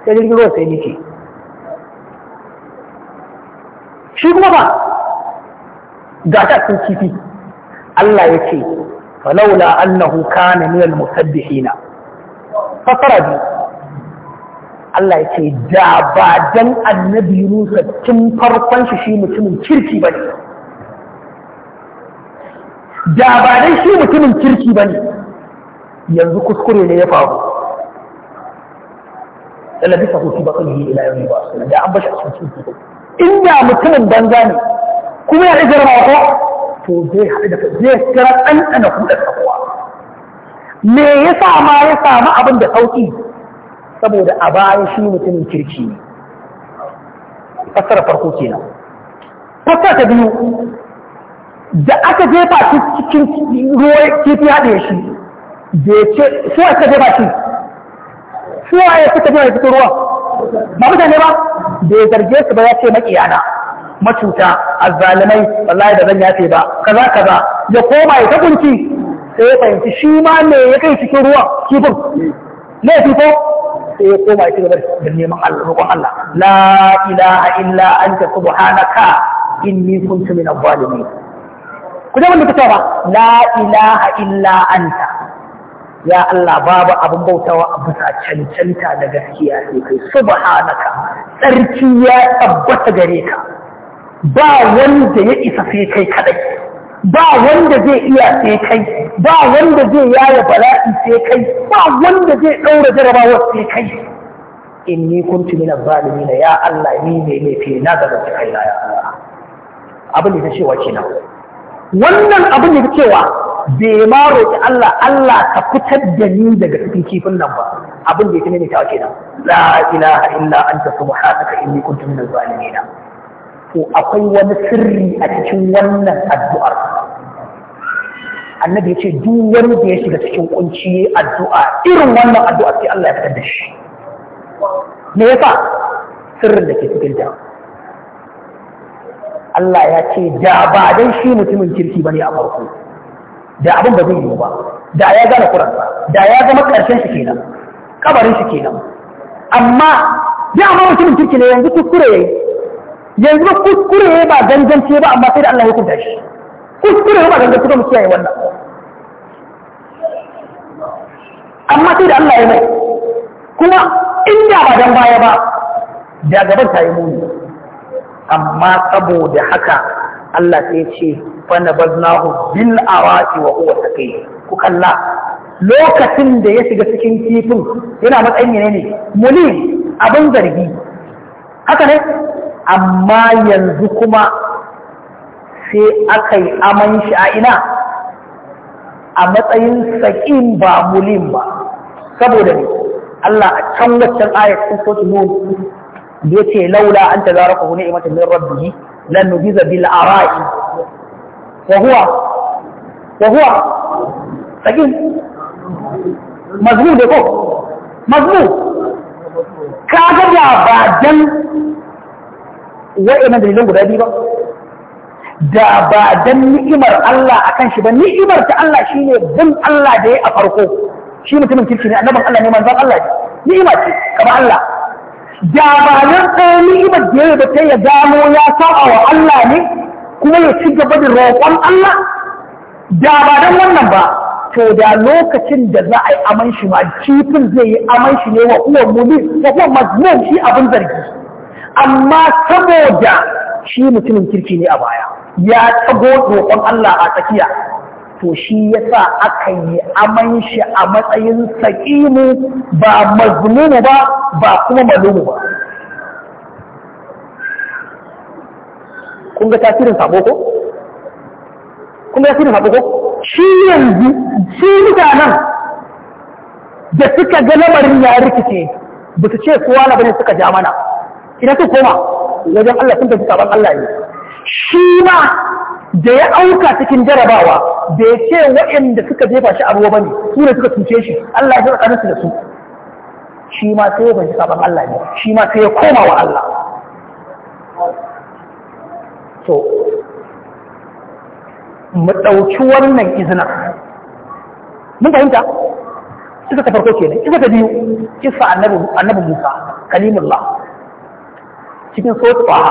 Speaker 2: sai jirgin ruwa sai ne shi kuma ba ga ta sun kifi Allah ya ce falaula annahu kana min al-musabbihina fasara bi Allah ya ce da ba dan annabi Musa tun farkon shi shi mutumin kirki bane da ba dan shi mutumin kirki bane yanzu kuskure ne ya faru da labisa ku ba kan yi ila yau ba da an bashi a cikin inda mutumin banza ne kuma ya ɗaga rawa ko to zai haɗu da zai kira ɗanɗana kuɗa kowa me yasa ma ya samu abin da sauƙi saboda a baya shi mutumin kirki ne fassara farko kenan fassara ta biyu da aka jefa shi cikin ruwa kifi haɗe shi da ya ce suwa aka jefa shi suwa ya suka jefa ya fito ruwa ba mutane ba da ya zarge su ba ya ce maƙiyana macuta azzalimai wallahi da zan yafe ba kaza kaza ya koma ya takunci sai ya fahimci shi ma me ya kai cikin ruwa kifin laifi ko sai ya koma ya cigaba da neman Allah roƙon Allah la ilaha illa anta subhanaka inni kuntu minadh zalimin ku da wanda kuka ba la ilaha illa anta ya Allah babu abin bautawa a bisa cancanta da gaskiya sai kai subhanaka tsarki ya tabbata gare ka ba wanda ya isa sai kai kadai ba wanda zai iya sai kai ba wanda zai yaya bala'i sai kai ba wanda zai ɗaura jarabawa sai kai ni kuntu min zalimin ya Allah ni ne laifi na ga zai kai ya Allah abin da cewa kenan wannan abin da cewa bai ma roƙi Allah Allah ka fitar da ni daga cikin kifin nan ba abin da yake ne ta kenan la ilaha illa anta subhanaka inni kuntu min zalimin to akwai wani sirri a cikin wannan addu'ar annabi ya ce duk wani da ya shiga cikin kunci addu'a irin wannan addu'a sai Allah ya fitar da shi me yasa sirrin da ke cikin ta Allah ya ce da ba dan shi mutumin kirki ne a farko da abin ba zai yi ba da ya gane kuransa da ya zama karshen shi kenan kabarin shi kenan amma da amma mutumin kirki ne yanzu kuskure yanzu kuskure ba gangance ba amma sai da Allah ya hukunta shi kuskure ba gangance ba mu kiyaye wannan amma sai da Allah ya mai kuma inda ba dan baya ba da gaban ta yi muni amma saboda haka Allah sai ce fa nabaznahu bil awati wa huwa saqi ku kalla lokacin da ya shiga cikin kifin yana matsayin ne ne muni abin zargi haka ne amma yanzu kuma sai aka yi aman sha'ina a ina a matsayin saƙin ba mulin ba saboda ne Allah a can waccan ayat sun su nun da ya ce laula an ta zara kuhu imata min rabbihi lan nubiza bil ara'i wa huwa wa huwa saƙin mazmu da ko ka kaga ba dan wa'annan dalilan guda biyu ba da ba dan ni'imar Allah akan shi ba ni'imar ta Allah shine bin Allah da ya a farko shi mutumin kirki ne annabin Allah ne manzon Allah ne ni'ima ce kamar Allah da ba nan ɗaya ni'imar da ya ta ya gano ya sa'a wa Allah ne kuma ya ci gaba da roƙon Allah
Speaker 3: da ba dan wannan ba
Speaker 2: to da lokacin da za a yi aman shi ma kifin zai yi aman shi ne wa uwan muni wa kuma mazmum shi abin zargi amma saboda shi mutumin kirki ne a baya ya tsago roƙon Allah a tsakiya to shi ya sa aka yi aman shi a matsayin saƙimu ba mazmumu ba ba kuma malumu ba kun ga tasirin sabo ko kun tasirin shi yanzu shi mutanen da suka ga lamarin ya rikice ba su ce kowa na bane suka ja mana ina ta koma wajen Allah sun tafi saban Allah ne shi ma da ya auka cikin jarabawa da ya ce waɗanda suka jefa shi a ruwa bane su ne suka tuce shi Allah ya tsakanin su da su shi ma sai ya bashi saban Allah ne shi ma sai ya koma wa Allah to mu ɗauki wannan izina mun fahimta isa ta farko kenan isa ta biyu kisa annabi Musa kalimullah cikin sotsuwa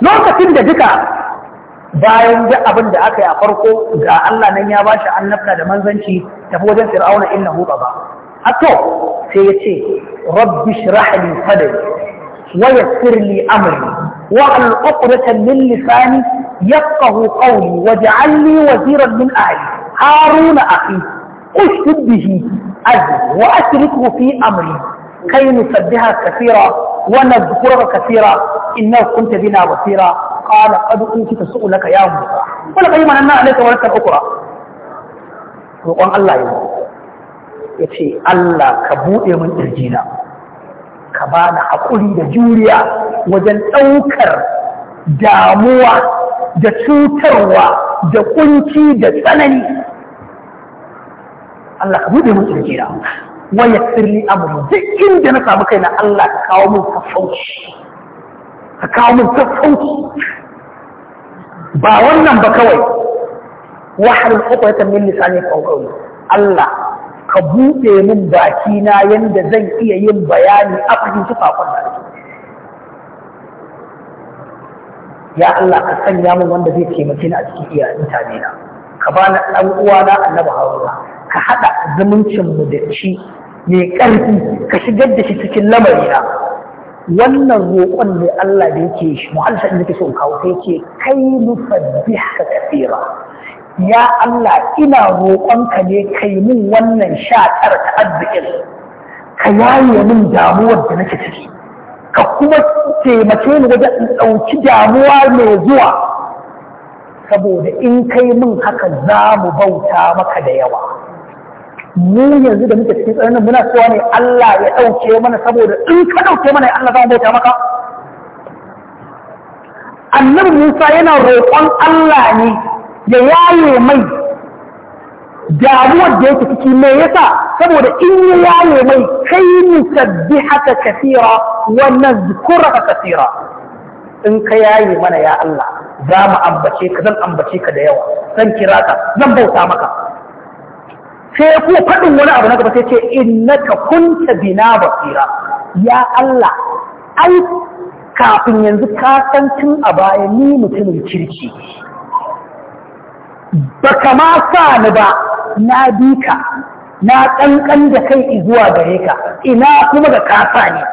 Speaker 2: lokacin da duka bayan ga abin da aka yi a farko ga Allah nan ya bashi annabta da manzanci tafi wajen fir'auna innahu ba. hato sai yace rabbi shrah li wa yassir li amri wa al uqdatan min lisani yafqahu qawli waj'al li waziran min ahli haruna akhi ushdid bihi azri wa ashrikhu fi amri kay nusaddiha kathira ونذكرك كثيرا إنك كنت بنا بصيرا قال قد أنت تسؤلك يا موسى ولقد مننا عليك ولك الأخرى roƙon Allah ya ya ce Allah ka buɗe min ƙirjina ka bani haƙuri da juriya wajen ɗaukar damuwa da cutarwa da ƙunci da tsanani Allah ka buɗe min ƙirjina wa yassir li amri duk inda na samu kaina Allah ka kawo min sassauci ka kawo min sassauci ba wannan ba kawai wahalin uqwatan min lisani qawli Allah ka buɗe min baki na yanda zan iya yin bayani a fahimci sakon da ya Allah ka sanya min wanda zai taimake ni a cikin iya mutane na ka bani ɗan uwa na annabi Haruna ka haɗa zumuncinmu da shi mai ƙarfi ka shigar da shi cikin lamarina wannan roƙon ne Allah da yake shi muhalsa da yake so kawo sai ce kai nufabbihka kafira. ya Allah ina roƙonka ne kai min wannan shaƙar ta arzikin ka yaye min damuwar da nake ciki ka kuma taimake ni wajen in ɗauki damuwa mai zuwa saboda in kai min haka za mu bauta maka da yawa mu yanzu da muke cikin tsananin muna cewa ne Allah ya ɗauke mana saboda in ka ɗauke mana Allah za mu bauta maka annabi Musa yana roƙon Allah ne ya yaye mai damuwar da yake ciki me yasa saboda in ya yaye mai kai nusabbihaka kathira wa nazkuraka kathira in ka yaye mana ya Allah za mu ambace ka zan ambace ka da yawa zan kira ka zan bauta maka sai ya faɗin wani abu na gaba sai ce ka kunta bina basira ya Allah ai kafin yanzu ka san tun a baya ni mutumin kirki baka ma sa ni ba na bi ka na ƙanƙan da kai zuwa gare ka ina kuma ga kasa ne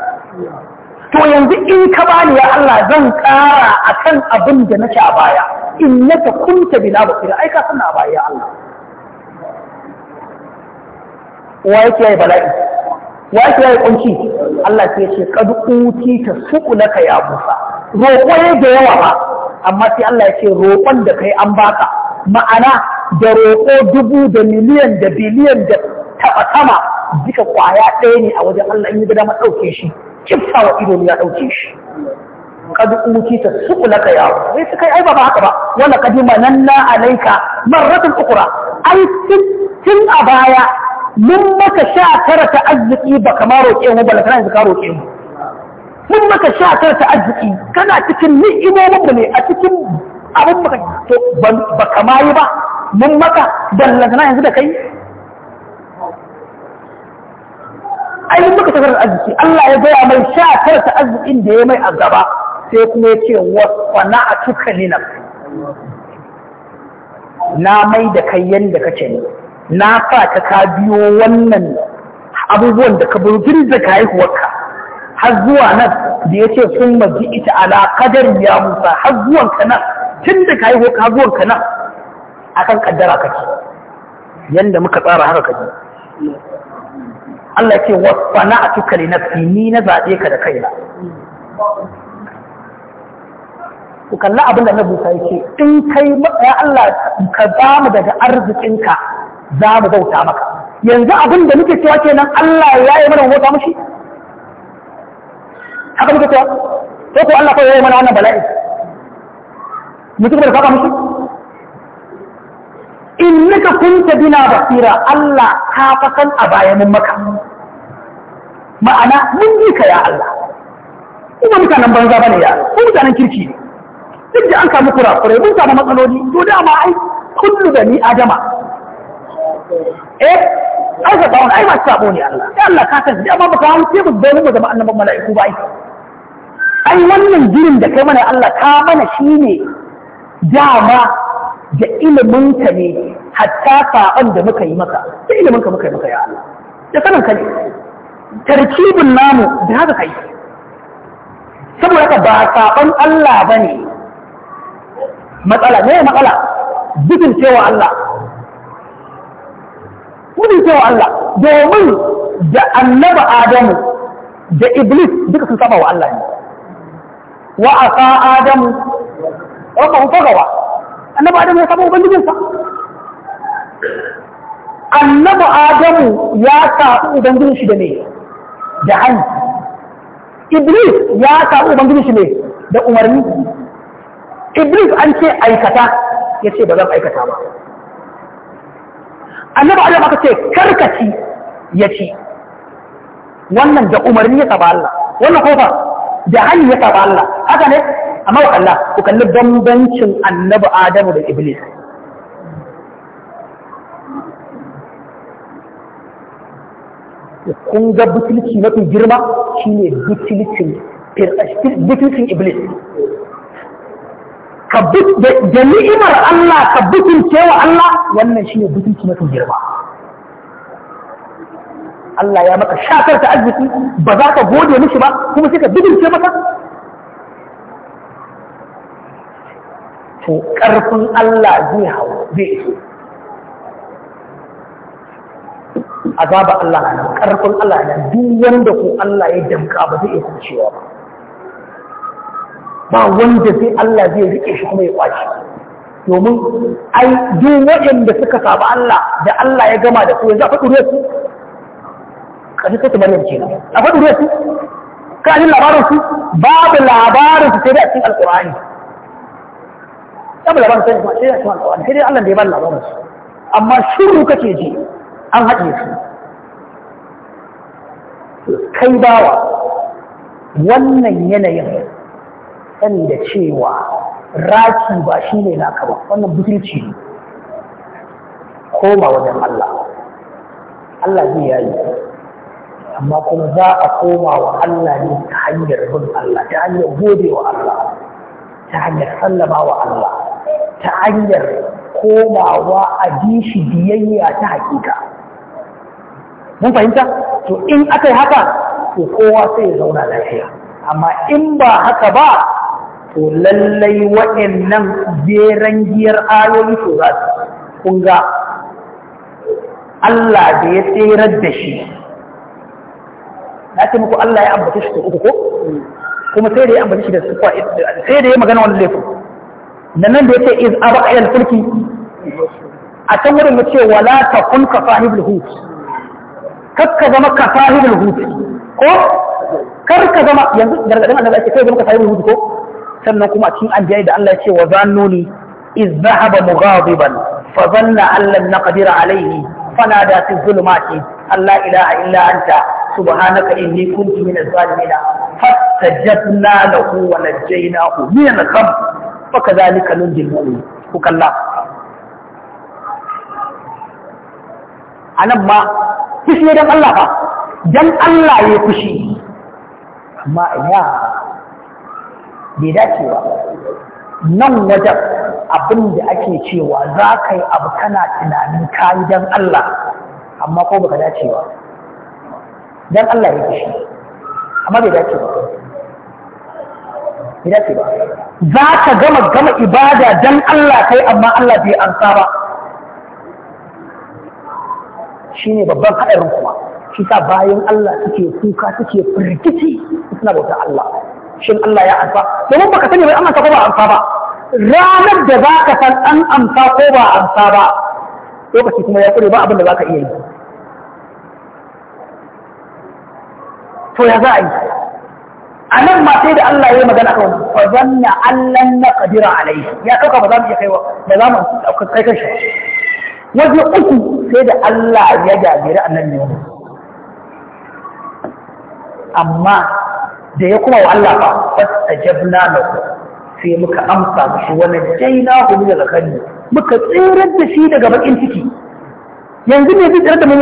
Speaker 2: to yanzu in ka bani ya Allah zan ƙara akan abin da na a baya ka kunta bina basira ai ka san a baya ya Allah
Speaker 3: wa yake yi bala'i
Speaker 2: wa yake yi kunci Allah ke ce kad uti ta suqulaka ya Musa roƙo da yawa ba amma sai Allah ya ce roƙon da kai an baka ma'ana da roƙo dubu da miliyan da biliyan da taɓa sama duka ɗaya ne a wajen Allah in yi dama ɗauke shi kifta wa ido ya ɗauke shi kad uti ta suqulaka ya Musa sai kai ai ba haka ba wala kad mananna alayka marratan ukura. ai tun a baya mun maka sha tara ta arziki ba kama roƙe mu ba lakana yanzu ka roƙe mu mun maka sha tara ta arziki kana cikin ni'imomin mu ne a cikin abin maka to ba kama yi ba mun maka dan lakana yanzu da kai ai mun maka tara arziki Allah ya gaya mai sha tara ta arzikin da ya mai a gaba sai kuma ya ce wa cuka linafsi na mai da kai yanda kace ne na sa ka ka biyo wannan abubuwan da ka burgir da ka haihuwarka har zuwa nan da ya ce sun maji ita ala kadar ya musa har zuwan ka nan tun da ka haihuwarka har zuwan ka nan akan kaddara ka ce Yadda muka tsara haka kaji Allah ce wasu na a na linafsi ni na zaɓe ka da kaina ku kalli abin da na busa yake in kai ya Allah ka zama daga arzikinka za mu bauta maka yanzu abin da muke cewa kenan Allah ya yi mana bauta mushi haka muke cewa ko ko Allah kawai ya yi mana wannan bala'i kuma da faka mushi in nika kunta bina basira Allah ka fasan a baya mun maka ma'ana mun yi ka ya Allah kuma mutanen banza bane ya ko mutanen kirki ne duk da an samu kurakurai mun samu matsaloli to dama ai kullu da ni adama eh ai ga bawon ai masu sabo ne Allah sai Allah ka san amma baka hawo mu zama mu zama annaban mala'iku ba ai ai wannan girin da kai mana Allah ka mana shine dama da ilimin ka ne hatta saban da muka yi maka da ilimin ka muka yi maka ya Allah da sanin ka ne tarkibin namu da haka kai saboda haka ba sabon Allah bane matsala ne matsala bikin cewa Allah mun ce wa Allah domin da annaba Adamu da Iblis duka sun saba wa Allah ne wa asa Adamu wa fa gawa annaba Adamu ya saba ubangijinsa annaba Adamu ya saba ubangijin shi da ne da hannu Iblis ya saba ubangijin shi ne da umarni Iblis an ce aikata ya ce ba zan aikata ba annabi adam aka ce karkaci ya ci wannan da umarni ya saba Allah wannan kofa da hali ya saba Allah haka ne amma wa Allah ku kalli bambancin annabi Adamu da iblis kun ga butulci mafi girma shine butulcin butulcin iblis ka da ni'imar Allah ka butunce cewa Allah wannan shine butunci mafi girma Allah ya maka shakar ta arziki ba za ka gode mishi ba kuma sai ka butunce maka to karfin Allah zai hau zai iso azaba Allah na karfin Allah na duk wanda ko Allah ya damka ba zai iya kuma cewa ba ba wanda sai Allah zai rike shi kuma ya kwaci domin ai duk waɗanda suka saba Allah da Allah ya gama da su yanzu a faɗi su kaji sai Maryam kenan a faɗi su ka labarin su babu labarin su sai da cikin alqur'ani babu labarin sai da cikin Alƙur'ani, sai dai Allah da ya ba labarin su amma shiru kake ji an haɗe su kai bawa wannan yanayin sani da cewa raki ba shi ne naka ba wannan butulci ne koma wajen Allah Allah zai yayi amma kuma za a koma wa Allah ne ta hanyar bin Allah ta hanyar gode wa Allah ta hanyar sallama wa Allah ta hanyar komawa a dishi biyayya ta hakika mun fahimta to in aka yi haka to kowa sai ya zauna lafiya amma in ba haka ba to lallai waɗannan jeren giyar ayoyi to za su kunga Allah da ya tserar da shi na ce muku Allah ya ambata shi ko uku ko kuma sai da ya ambata shi da sufa sai da ya magana wani laifin da nan da ya ce iz aba ayal fulki a can wurin ya ce wala ta kun ka sahibul hut ka zama ka sahibul hut ko kar ka zama yanzu gargadin annabi ake kai zama ka sahibul hut ko sannan kuma cikin aljani da Allah ya ce wa zannuni iz zahaba mughadiban fa zanna an lam naqdir alayhi fanada fi zulumati Allah ilaha illa anta subhanaka inni kuntu minaz zalimin fastajabna lahu wa najaynahu min al-gham fa kadhalika nunjil mu'min ku kalla anan ma fushi dan Allah fa dan Allah ya fushi amma ina bai dace ba nan wajen abin da ake cewa za ka yi abu kana tunanin kayi don Allah amma ko baka dace ba don Allah ya fi shi amma bai dace ba bai dace ba za ka gama gama ibada don Allah kai amma Allah bai ansa ba shi ne babban haɗarin kuma shi sa bayan Allah suke kuka suke firgici suna bauta Allah shin Allah ya amsa domin baka sani bai amsa ko ba amsa ba ranar da za ka san an amsa ko ba amsa ba lokaci kuma ya kure ba abin da za ka iya yi to ya za a yi
Speaker 3: a nan ma sai da Allah ya yi magana kan
Speaker 2: fa zanna allan na qadira alaihi ya kauka ba za mu iya kaiwa ba za mu kai kan shi waje uku sai da Allah ya gagari annabi Yunus amma da ya kuma wa Allah ba fastajabna lahu sai muka amsa mishi wani jaina na min daga ghanni muka tsirar da shi daga bakin ciki yanzu ne zai da mu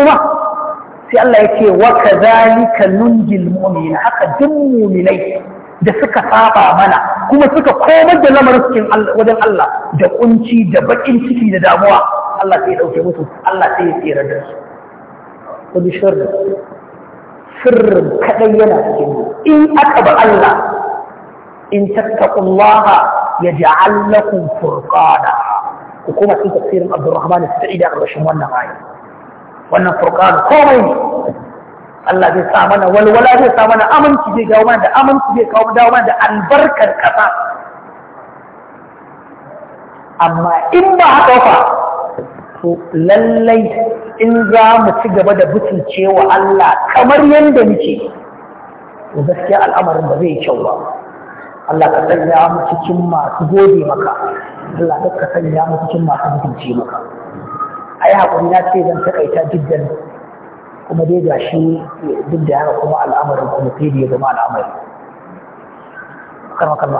Speaker 2: sai Allah ce wa kadhalika nunjil mu'min haka duk mu'minai da suka saba mana kuma suka komar da lamarin cikin wajen Allah da kunci da bakin ciki da damuwa Allah sai ya dauke musu Allah sai ya tsira da
Speaker 1: su sirrin kadai yana cikin
Speaker 2: in aka ba Allah in tattaqullaha yaj'al lakum furqana ku kuma cikin tafsirin Abdurrahman Sa'id a rashin wannan aya wannan furqan komai Allah zai sa mana walwala zai sa mana aminci zai gawo mana da aminci zai kawo dawo mana da albarkar kasa amma in ba haka fa to lallai in za mu ci gaba da butulce wa Allah kamar yadda muke to gaskiya al'amarin ba zai kyau ba Allah ka sanya mu cikin masu gode maka Allah ka sanya mu cikin masu butulce maka ai hakuri na ce zan takaita jiddan kuma dai gashi duk da haka kuma al'amarin kuma sai da ya zama al'amari karma karma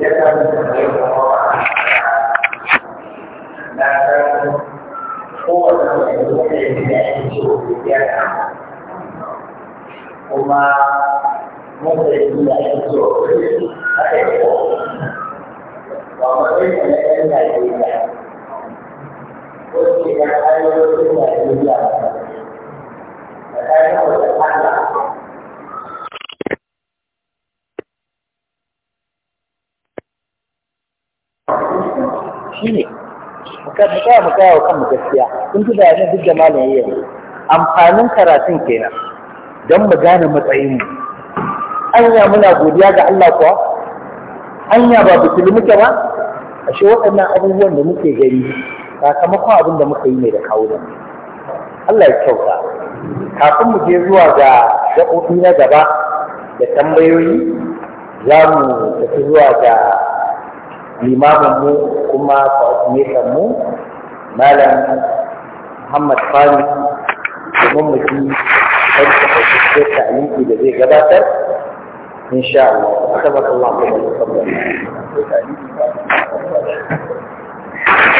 Speaker 3: kuma
Speaker 1: muka yi da ake
Speaker 3: so a kai ko ba mu kai da yan Najeriya ko ce da da kayan
Speaker 2: shi ne
Speaker 1: mu kaya mu kaya wa kanmu gaskiya kun ji bayanan duk da malam yayi amfanin karatun kenan don mu gane matsayinmu anya muna godiya ga Allah kuwa anya ba butulu muke ba ashe waɗannan abubuwan da muke gani sakamakon abin da muka yi ne da kawo da Allah ya kyauta kafin mu je zuwa ga gaɓoɓi na gaba da tambayoyi za mu tafi zuwa ga limamanmu kuma mu malam muhammad fani domin mu ji ɗansa da cikin ta'aliki da zai gabatar insha Allah tabbata Allah ya